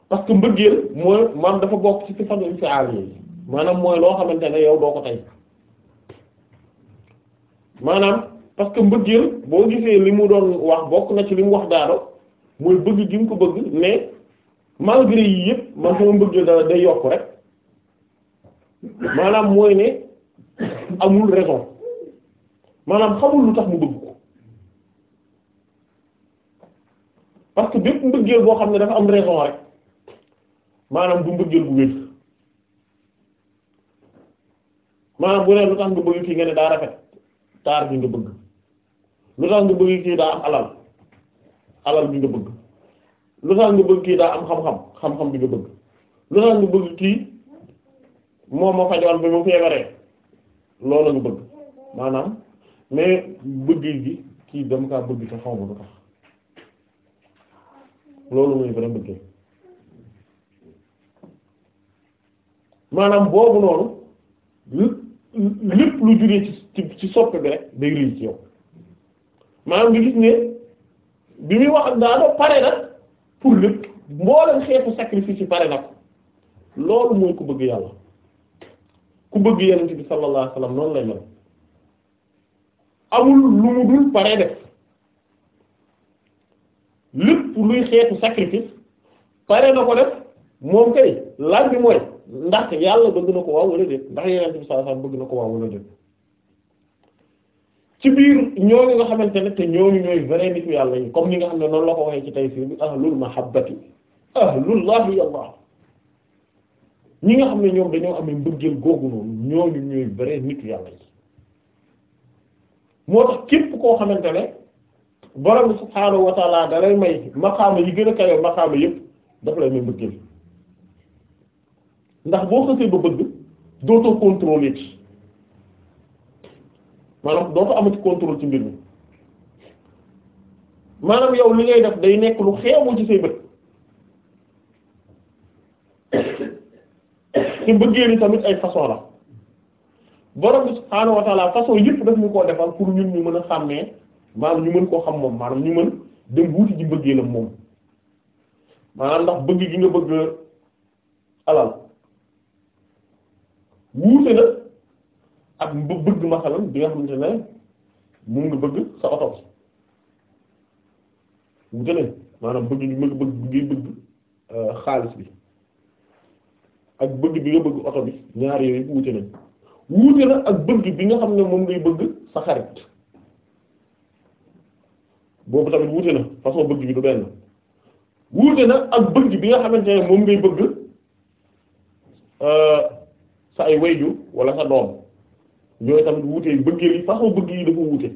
parce que mbëggeel mooy maanaam dafa bokk ci sifatu fi'al yi maanaam mooy loo xamante ne yow doo ko tey maanaam parce que mbëggeel boo gisee li mu doon wax bokk na ci li mu wax daado mooy bëgg gi mu ko bëgg mais malgré yii yëpp man sama mbëggeel dara day yokk rek maanaam mooy ne amul raison maanaam xamul lu tax mu bëgg parce que bépp mbëggeel boo xam ne dafa am raison rek maanaam du mbëggeel bu wér maanaam bu ne lu tax nga bëgg kii nga ne daa rafet taar bi bëgg lu tax nga bëgg kii daa am bi nga bëgg lu tax nga bëgg kii daa am xam-xam xam-xam bi nga bëgg lu tax nga bëgg kii moom ma fajoon bi mu feebaree loolu nga bëgg maanaam mais bëgg gi kii dama kaa bëgg te xaw ma lu tax loolu muy vrai bëggee maanaam boobu noonu lépp lu jugee ci ci soppe bi rek day ci yow maanaam nga gis ne bi muy wax daanaka pare na pour lépp mbooleen xeetu sacrifice yi pare na ko loolu mooy ko bëgg yàlla ku bëgg yonent bi sallallahu alayhi wasallam noonu lay mel amul lu mu dul pare def lépp luy xeetu sacrifice pare na ko def moom kay laaj bi mooy ndax yàlla bëgg na ko waaw wala déet ndax yonent bi sallallahu alayhi bëgg na ko waaw wala déet ci biir ñooñu nga xamante ne te ñooñu ñooy vrai nitu yàlla yi comme ni nga xam ne noonu la ko waxee ci taysiir bi ahlul mahabbati ahlullahi allah ñi nga xam ne ñoom dañoo amee mbëggeel googu noonu ñu ñooy vrai nit yàlla yi moo tax képp koo xamante ne borom subhaanahu wa may maqaama yi gën a kawe maqaama yëpp daf lay may mbëggeel ndax boo xasee ba bëgg dootoo contrôler ci maanaam dootoo amati contrôle ci mbir mi maanaam yow li ngay def day nekk lu xeebu ci say bët te mbëggeel yi tamit ay façon la borom bi subhaanahu wa ta'ala façon yëpp daf ñu koo defal pour ñun ñu mën a xàmmee maanaam ñu mën koo xam moom maanaam ñu mën dem wuuti ji mbëggeelam moom maanaam ndax bëgg gi nga bëgg alal wuute na ak bëgg masalan bi nga xamante ne moom nga bëgg sa oto wuute na maanaam bëgg gi nga bëgg bëgg euh, xaalis bi ak bëgg bi nga bëgg oto bi ñaar yooyu wuute nañ wuute na ak bëgg bi nga xam ne moom ngay bëgg sa xarit boobu tamit wuute na façon bëgg bi du na ak bëgg bi nga xamante ne moom ngay bëgg euh, sa ay wala sa doom yooyu tamit wuute bëggee yi façon bëgg yi dafa wuute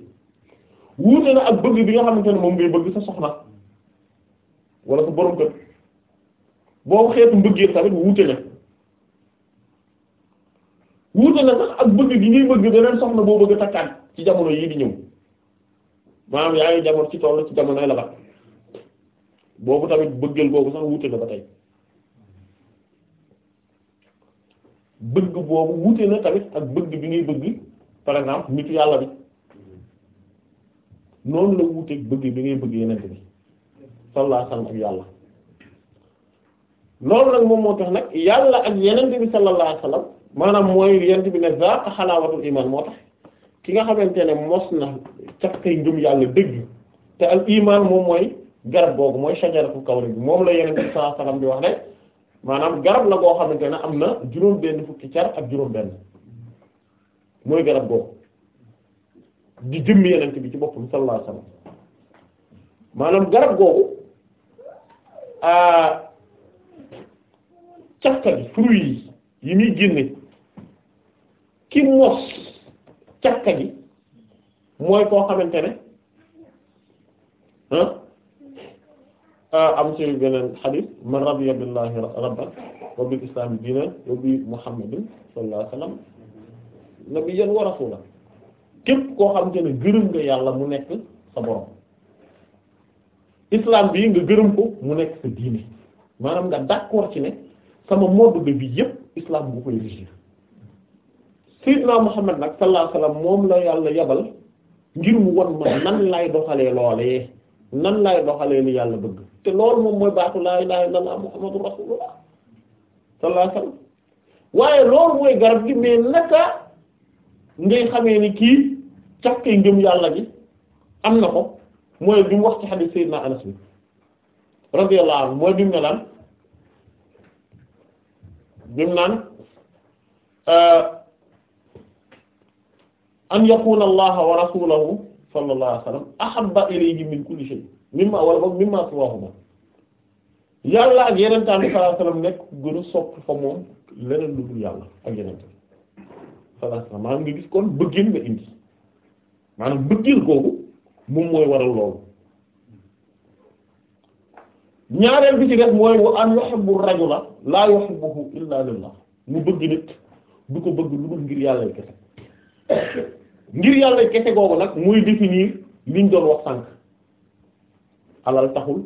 wuute ak bëgg bi nga xamante ne moom ngay bëgg sa soxna wala sa borom kër boobu xeetu mbëggee tamit wuute na wuute na sax ak bëgg gi ngay bëgg beneen soxna boo bëgg a takkaat ci jamono yii di ñëw maanaam yaa ngi jamono ci toll ci jamonoy la ba boobu tamit bëggeel boobu sax wuute na ba tey bëgg boobu wuute na tamit ak bëgg bi ngay bëgg par exemple nitu yàlla bi noonu la wuute bëgg bi ngay bëgg yeneen bi sallallahu alayhi yàlla loolu nag moom moo tax nag yàlla ak yeneen bi sallallahu alayhi maanaam mooy yent bi ne zaaka xalaawatul iman moo tax ki nga xamante ne mos na caf kay njum yàlla dëgg te al iman moom mooy garab googu mooy shajaratul kawni bi moom la yeneen bi saa salaam bi wax ne maanaam garab la goo xamante ne am na juróom fukki car ak juróom mooy garab googu di jëmm yeneen bi ci boppam sallallahu alayhi wasallam maanaam garab googu ah, caf ka fruit yi muy génne ki mos càkka gi mooy koo xamante ne ah, ah am ci beneen xadiis man radiya billahi rabban wa bil islaami diinan wa bi muhammadin sallallahu alayhi wa sallam nabiyyan wa rasuula képp koo xam ne gërëm nga yàlla mu nekk sa borom islam bii nga gërëm ko mu nekk sa diine maanaam nga d'accord ci ne sama mode de vie yépp islam bu koy régir Seydina Muhammad nag sallallahu alayhi wasallam moom la yàlla yabal ngir mu won ma nan lay doxalee loolee nan lay doxalee li yàlla bëgg te loolu moom mooy baatu laa ilaaha illallaah Muhammadu rasulullah sallallahu alayhi wasallam waaye loolu mooy garab gi mais naka ngay xamee ni kii càkkee ngëm bi gi am na ko mooy bi mu wax ci xadiis Seydina Anas bi radiyallahu anhu mooy bi mu ne bi mu naan euh, an yakuna allaha wa rasulahu sallallahu alayhi wa sallam ahabba ilayhi min kulli shay mimma wala boog mimma siwahuma yàlla ak yenentaan bi sallallahu alayhi wa nekk gën sopp fa moom leneen lu dul yàlla ak yenentaan sallallahu alayhi wa gis kon bëggin nga indi maanaam bëggil googu moom mooy waral loolu ñaareel bi ci def mooy wa an yuhibbu rajula la yuhibbuhu illa lillah mu bëgg nit du ko bëgg lu dul ngir yàlla kese ngir yàlla kese googu nag muy définir liñ doon wax sànq alal taxul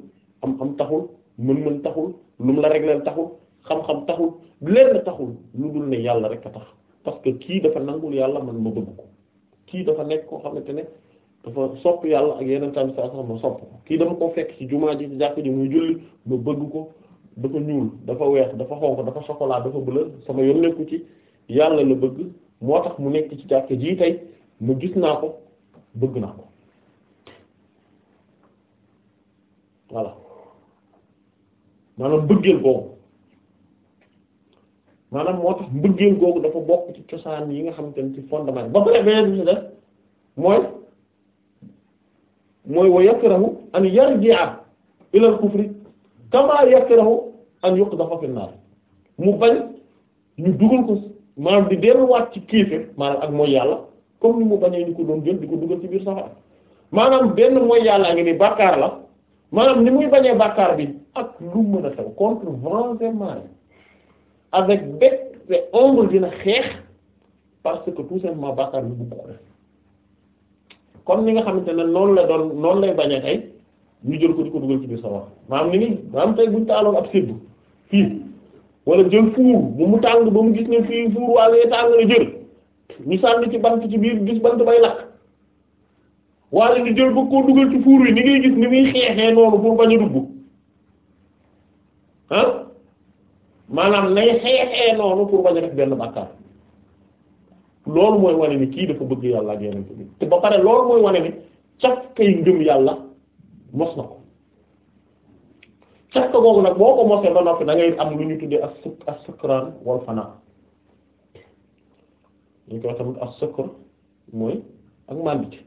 am-am taxul mën-mën taxul lu mu la régler taxul xam-xam taxul lenn taxul lu dul ne yàlla rek a tax parce que kii dafa nangul yàlla man ma bëgg ko kii dafa nekk koo xamante ne dafa sopp yàlla ak yeneen tamit saa sax ma sopp kii dafa koo fekk ci jumaa ji ci jàkk ji muy julli ma bëgg ko dafa ñuul dafa weex dafa xonq dafa chocolat dafa bleu sama yoon nekku ci yàlla la bëgg moo tax mu nekk ci jàkk ji tey ma gis naa ko bëgg naa ko voilà maanaam mbëggeel googu maanaam moo tax mbëggeel googu dafa bokk ci cosaan yi nga xamante ne ci fondement ba pare beneen bi ci def mooy mooy wa yakrahu an yarji'a ila al-kufri kama yakrahu an yuqdafa fi an mu bañ ñu dugal ko maanaam di delluwaat ci kéefër maanaam ak mooy yàlla comme ni mu bañee ñu ko doon jël di ko dugal ci biir safara maanaam benn mooy yàllaa nga ni bàkkaar la maanaam ni muy bañee bàkkaar bi ak lu mën a xew contre vents et dina xeex parce que tout simplement bàkkaar bi bëgg comme ni nga xamante ne noonu la doon noonu lay bañee tey ñu jël ko di ko dugal ci biir safara maanaam ni ni maanaam tey buñ taaloon ab séddu fii wala jël fuur bu mu tàng ba mu gis ne fii fuur waawee tàng na jël ñu sànni ci bant ci biir gis bant bay lakk waaye ñu jël bëgg koo dugal ci fuur wi ni ngay gis ni muy xeexee noonu pour bañ a dugg ah maanaam nay xeexee noonu pour bañ a benn bàkkaar loolu mooy wane ni kii dafa bëgg yàlla ak yeneen bi te ba pare loolu mooy wane ni caf kay ngëm yàlla mos na ko caf ka googu nag boo ko mosee ba noppi da am lu ñu tuddee ak suk ak sukraan wal fanaan ñu koy tamit as-sukr mooy ak màndite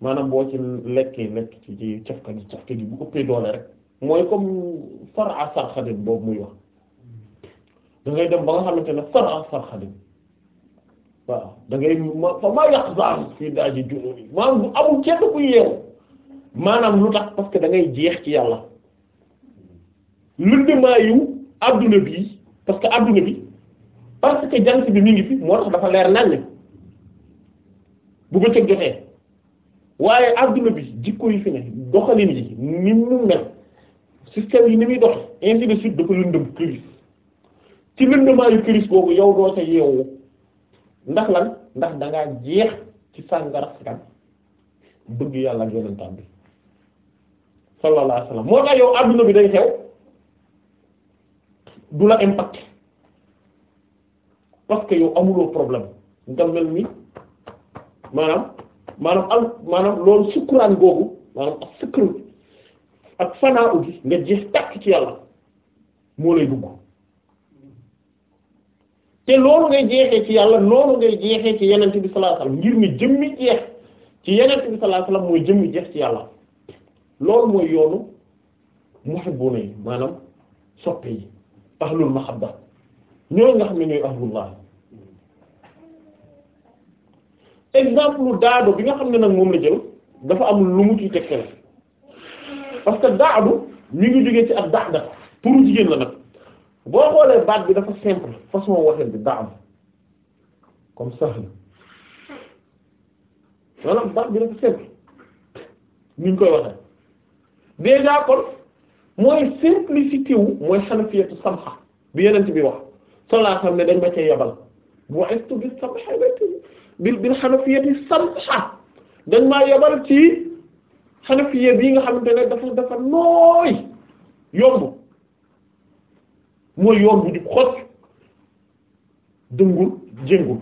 maanaam boo ci lekkee lekk ci ci cafka gi cafka gi bu ëppee doole rek mooy comme fara sarxadin boobu muy wax da ngay dem ba nga xamante ne fara sarxadin waaw da ngay ma fa maa yàq zaan fii daaji junoon yi amul kenn ku yeewu maanaam lu tax parce que da ngay jeex ci yàlla lëndëmaa yu adduna bi parce que adduna bi parce que jant bi mi ngi fi moo tax dafa leer naññ bu bëccëg joxee waaye adduna bi jikko yi fi ne doxalin yi ni mu mel système yi ni muy dox ainsi de suite dafa lëndëm këris ci lëndëmaayu këris boobu yow doo ca yeewu ndax lan ndax dangaa jeex ci sàngara kan bëgg yàlla ak yonentam bi sallallahu alayhi moo tax yow adduna bi day xew du la impact parce que yow amuloo problème nga mel ni maanaam maanaam al maanaam loolu sukkuraan googu maanaam ak sukkur ak fanaa gi nga jeex takk ci yàlla moo lay dugg te loolu ngay jeexee ci yàlla noonu ngay jeexee ci yenent bi sallallahu alayhi wasallam ngir ni jëmmi jeex ci yenent bi sallallahu alayhi wasallam mooy jëmmi jeex ci yàlla loolu mooy yoonu muhibbuna yi maanaam soppe yi ahlul mahabba ñooñu nga xam ne ñooy ahlullah exemple daado bi nga xam ne nag moom la jël dafa am lu mu ciy tegke la parce que daadu ñu ngi jógee ci ab daada pour jigéen la nag boo xoolee baat bi dafa simple façon waxee bi daadu comme sahl maanaam baat bi dafa simple ni koy waxee déjà kon mooy simplicité wu mooy xanafiyatu samha bi yeneen bi wax sallallahu alayhi wasallam ne dañ ma cee yabal bu'istu bi samhati bil bil hanafiyati samha dañ maa yabal ci hanafiya bii nga xamante ne dafa dafa nooy yomb mooy yomb di xot dëngul jéngul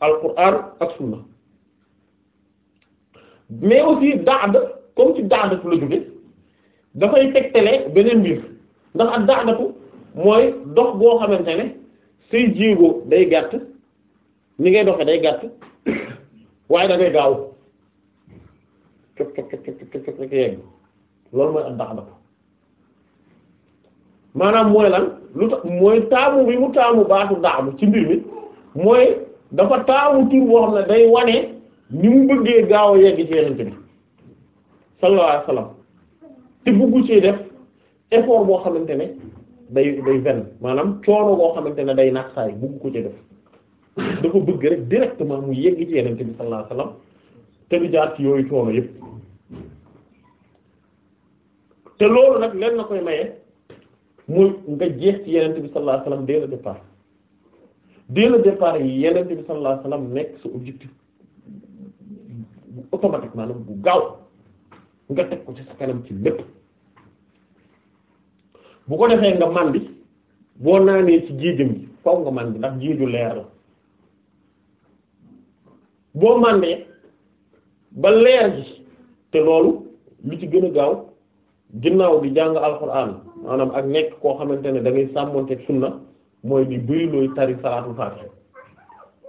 alquran ak sunna mais aussi daad comme ci daadatu la jóge dafay tegtale beneen mbir ndax ak daanatu mooy dox boo xamante ne say jéego day gàtt ni ngay doxe day gàtt waaye da ngay gaaw cop cop cop cop yegg loolu mooy ak daanatu maanaam mooy lan lu tax mooy taamu bi mu taamu baatu daamu ci mbir mi mooy dafa taamu tur boo xam ne day wane ni mu bëggee gaaw a yegg ci yeneen bi sallallahu alayhi wasallam te bëggu ci def effort boo xamante ne day day ven maanaam coono boo xamante ne day nax saay bugg ko ci def dafa bëgg rek directement mu yegg ci yenente bi sallallahu alayhi te du jaar ci yooyu coono yëpp te loolu nag leen na koy maye mu nga jeex ci yenente bi sallallahu alayhi wasallam dès le départ dès le yi yenente bi sallallahu alayhi wasallam nekk sa objectif bu automatique maanaam bu gaaw nga teg ko ci sa kanam ci lépp bu ko defee nga màndi boo naanee ci géejam gi faw nga màndi ndax géeju leer la boo màndee ba leer gi te loolu lu ci gën a gaaw ginnaaw bi jàng alxuraan maanaam ak nekk koo xamante ne da ngay sàmmonteeg sunna mooy di bëri looy tari salaatul faatiha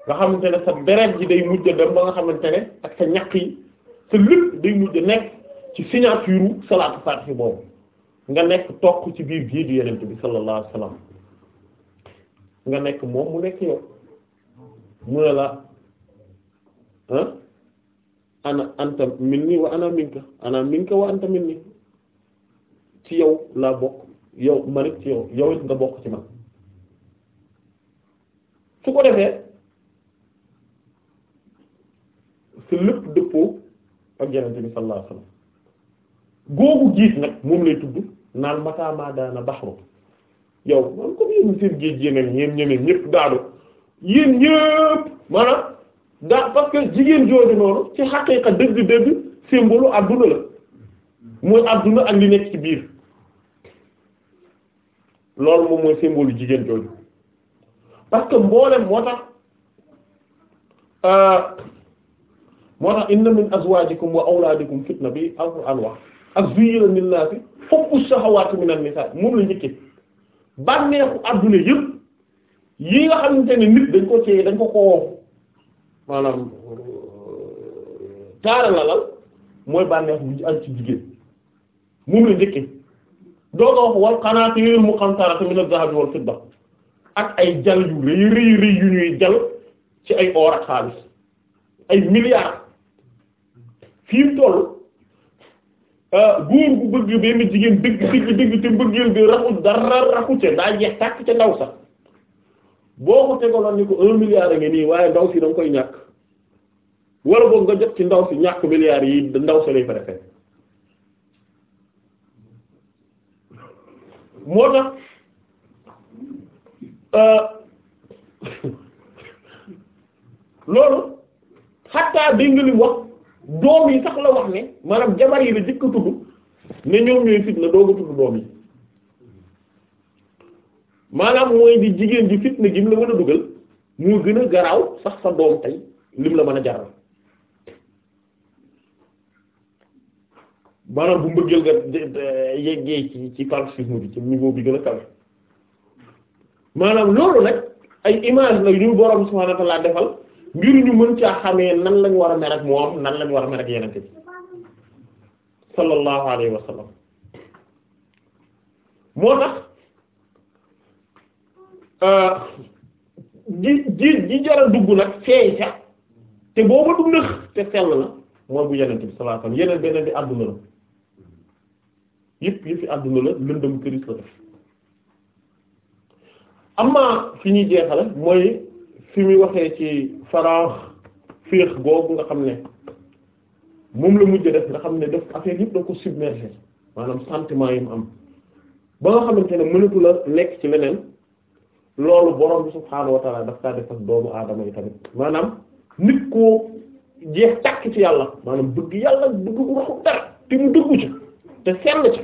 nga xamante ne sa deret ji day mujj dem ba nga xamante ne ak sa ñaq yi sa lépp day mujj nekk ci signature salaatul faatiha boobu nga nekk toq ci biir géeju yenent bi sallallahu alayhi nga nekk moom mu nekk yow mu ne la ah, ana anta minni wa ana minka ana minka wa anta ci yow laa bokk yow man ci yow yow nga bokk ci man su ko defee su lépp dëppoo ak yenent bi sallallahu alayhi googu giis nag moom lay tudd naan mataamaa daana baxru yow man comme yéen seen géej yeneen ñeen ñeneen ñëpp daanu yéen ñëpp maanaam daa parce que jigéen jooju noonu ci xaqiiqa dëgg-dëgg symbole adduna la mooy adduna ak li nekk ci biir loolu moom mooy symbole jigéen jooju parce que mboolem moo tax euh, moo tax inna min azwajikum wa awladikum fitna bi alquran wax ak zuyyina lin-naasi hubbu shahawaati mina nisaa moom la njëkkee bànneexu àdduna yëpp yi nga xamante ne nit dañ ko cee dañ ko koo maanaam taaralalal mooy bànneexu bu ak ci jigéen moom la njëkkee doo ko wax wal qanaatiril muqantarati mina az-zahabi wal fidda ak ay jal yu rëy rëy rëy yu ñuy jal ci ay or ak xaalis ay milliards fi mu Euh, góor gu bëgg benn jigéen dëgg dëgg dëgg te mbëggeel bi raxu dara raxu ca daa jeex tàkk ca ndaw sax boo ko tegaloon ko un milliard nii waaye ndaw si da nga koy ñàkk wala nga jot ci ndaw si ñàkk milliards yi ndaw sa lay préféré moo tax euh, loolu xattaa dégg nga wax doom yi sax la wax ne maanaam jabar yi la jëkk tudd ne ñoom ñooy fitna dooga tudd doom yi maanaam mooy di jigéen ji fitna gi mu la mën a dugal moo gën a garaaw sax sa doom tey lim la mën a jaral maanaam bu mbëggeel nga yeggee ci ci palsisme bi ci niveau bi gën a kawe maanaam loolu nag ay image la yu borom subhanahu wa defal ngir ñu mën caa xamee nan lañ war a mer moom nan lañ war a mer ak yenente bi sallallahu alayhi wa moo tax ji euh, ji ji jara dugg nag feey ca te booba du nëx te sell la mooy bu yenente bi sallallahu yeneen beneen bi àdduna la yëpp yëpp fi àdduna la lëndëm këris la def amma fi ñuy jeexale mooy fi muy waxee ci faraax féex googu nga xam ne moom la mujj def nga xam ne def affaire yëpp da ko submergé maanaam sentiment yi mu am ba nga xamante ne mënatu la nekk ci leneen loolu borom bi subhaanahu wa daf kaa def doomu aadama yi tamit maanaam nit koo jeex tàkk ci yàlla maanaam bëgg yàlla bëgg bu waxu dara te mu dëggu ci te sell ci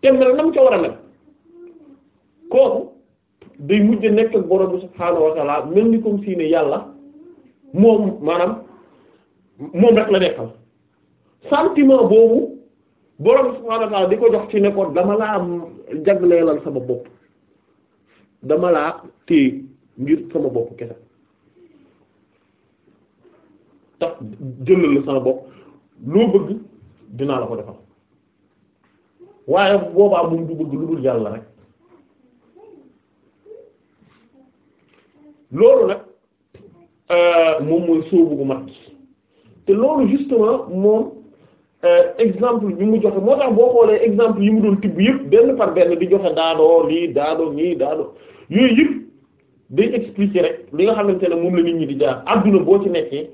te mel ca war a mel kooku day mujj nekk ak borom bi mel ni comme si yàlla moom maanaam moom rek la nekkal sentiment boobu borom bi subhaanahu di ko jox ci ne dama laa am jagleelal sama bopp dama laa téye ngir sama bopp kese tax jëlal la sama bopp loo bëgg dinaa la ko defal waaye boobaa moom du bëgg lu dul yàlla rek loolu nag euh, moom mooy sóobu bu mat te loolu justement moom euh, exemple bi mu joxe moo tax boo xoolee exemple yi mu doon tibb yëpp benn par benn di joxe daadoo lii daadoo nii daadoo yooyu yëpp day expliquer rek li nga xamante ne moom la nit ñi di jaar adduna boo ci nekkee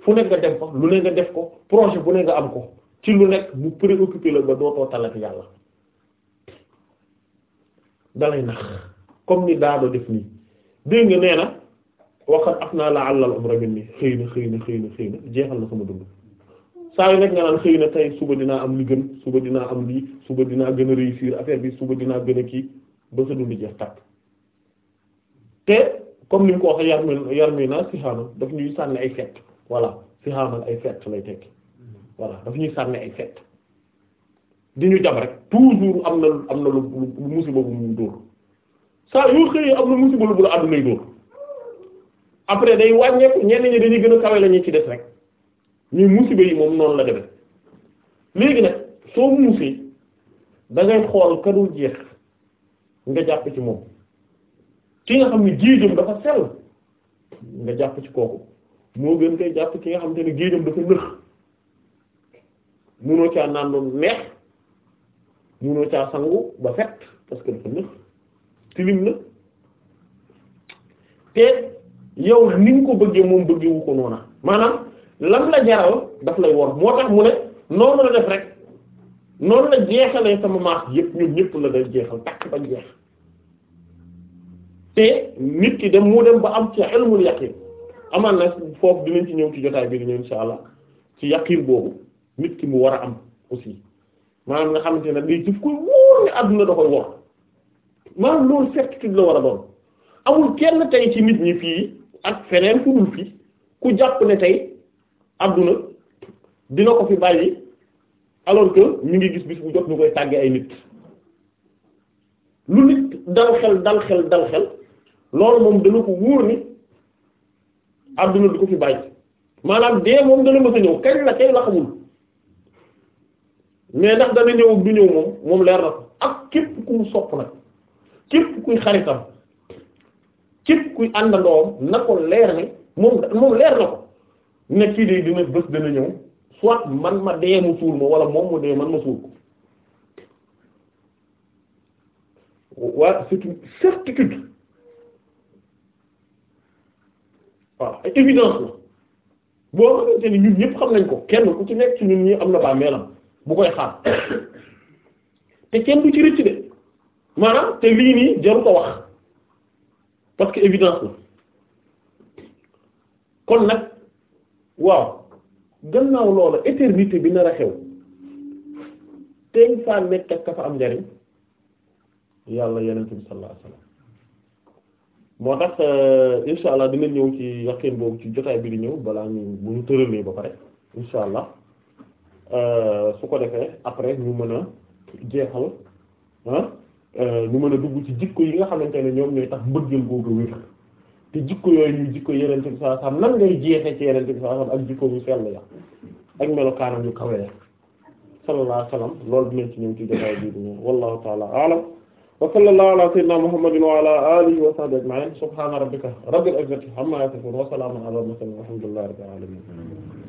fu nekk nga dem fa lu ne nga def ko projet bu ne nga am ko ci lu nekk bu préoccupé la ba dootoo talati yàlla dalay nax comme ni daadoo def nii dégg nga nee na waxat af naa laa àllal umra bi nii xëy na xëy na jeexal na sama dund saa yu nekk nga naan xëy na tey suba dinaa am li gën suba dinaa am lii suba dinaa gën a réussir affaire bi suba dinaa gën a kii ba sa dund jeex tàkk te comme ni mu ko waxee yar mi yar mi naa si xaaral daf ñuy sànne ay fett voilà si xaaral ay fett lay tekki voilà daf ñuy sànni ay fett di ñu jam rek toujours am na am na lu musiba bu mu dóor saa yoo xëyee am na musiba lu la àdduna yi dóor après day wàññeeku ñenn ñi dañuy gën a kawe la ñu ci des rek ñuy musiba yi moom noonu la deme léegi nag soo muusee da ngay xool kadul jeex nga jàpp ci moom ki nga xam ne géejam dafa sell nga jàpp ci kooku moo gën koy jàpp ki nga xam te ne géejam dafa nëx munoo caa naan lu neex munoo caa sangu ba fet parce que dafa nëx tilim na te yow ni ko bëggee moom bëggewu ko noona maanaam lam la jaral daf lay wor moo tax mu ne noonu la def rek noonu la jeexalee sama maax yëpp ñun ñëpp la day jeexal takk ba jeex te nit ki dem mu dem ba am ci ilmul yaqin amaan na foofu dinañ ci ñëw ci jotaay bi di ñëw insha allah ci yaqin boobu nit ki mu war a am aussi maanaam nga xamante ne day jëf koy wóor ne àdduna da koy wor maanaam loolu certitude la war a doon amul kenn tey ci nit ñi fii ak feneen fu dul fii ku jàpp ne tey adduna dina ko fi bàyyi alors que ñu ngi gis bis bu jot ñu koy tàggee ay nit lu nit dal xel dal xel dal xel loolu moom dana ko wóor ni adduna du ko fi bàyyi maanaam dee moom dana mën a ñëw kañ la kañ la xamul mais ndax dana ñëw du ñëw moom moom leer na ko ak képp ku sopp nag képp kuy xaritam képp kuy àndandoom na ko leer ne moom moom leer na ko ne kii de dina bés dana ñëw soit man ma dee mu suul ma wala moom mu dee man ma suul ko waa c'est une waaw ay boo xamante ni ñun ñëpp xam nañ ko kenn ci nekk ci ñun ñi am na bàmmeelam bu koy xaar te kenn bu ci rëcc de maanaam te lii nii jaru wax parce que évidence la kon nag waaw gannaaw loola éternité bi nar a xew teeñ faa nekk ak ka fa am njariñ yàlla yenente bi sallallahu alayhi wasallam moo tax euh, insha allah dina ñëw ci yaqeen boobu ci jotaay bi di ñëw balaa ñu bu ñu tëralee ba pare insha allah euh, su ko defee après ñu mën a jeexal Euh, ñu mën a dugg ci jikko yi nga xamante ne ñoom ñooy tax mbëggeel googu wér te jikko yooyu ñu jikko yenente bi sallallahu alayhi wasallam nan ngay jeexee ci yenente bi sallallahu alayhi wasallam ak jikko bu sell ya ak melokaanam yu kawe ya sallallahu alayhi wasallam loolu dinañ ci ñëw ci jotaay bi di ñëw wallahu ta'ala a'lam wa sallallahu ala sayyidina muhammadin wa ala alihi wa sahbihi ajma'in subhana rabbika rabbil izzati amma yasifun wa salamun ala al mursalin walhamdulillahi rabbil alamin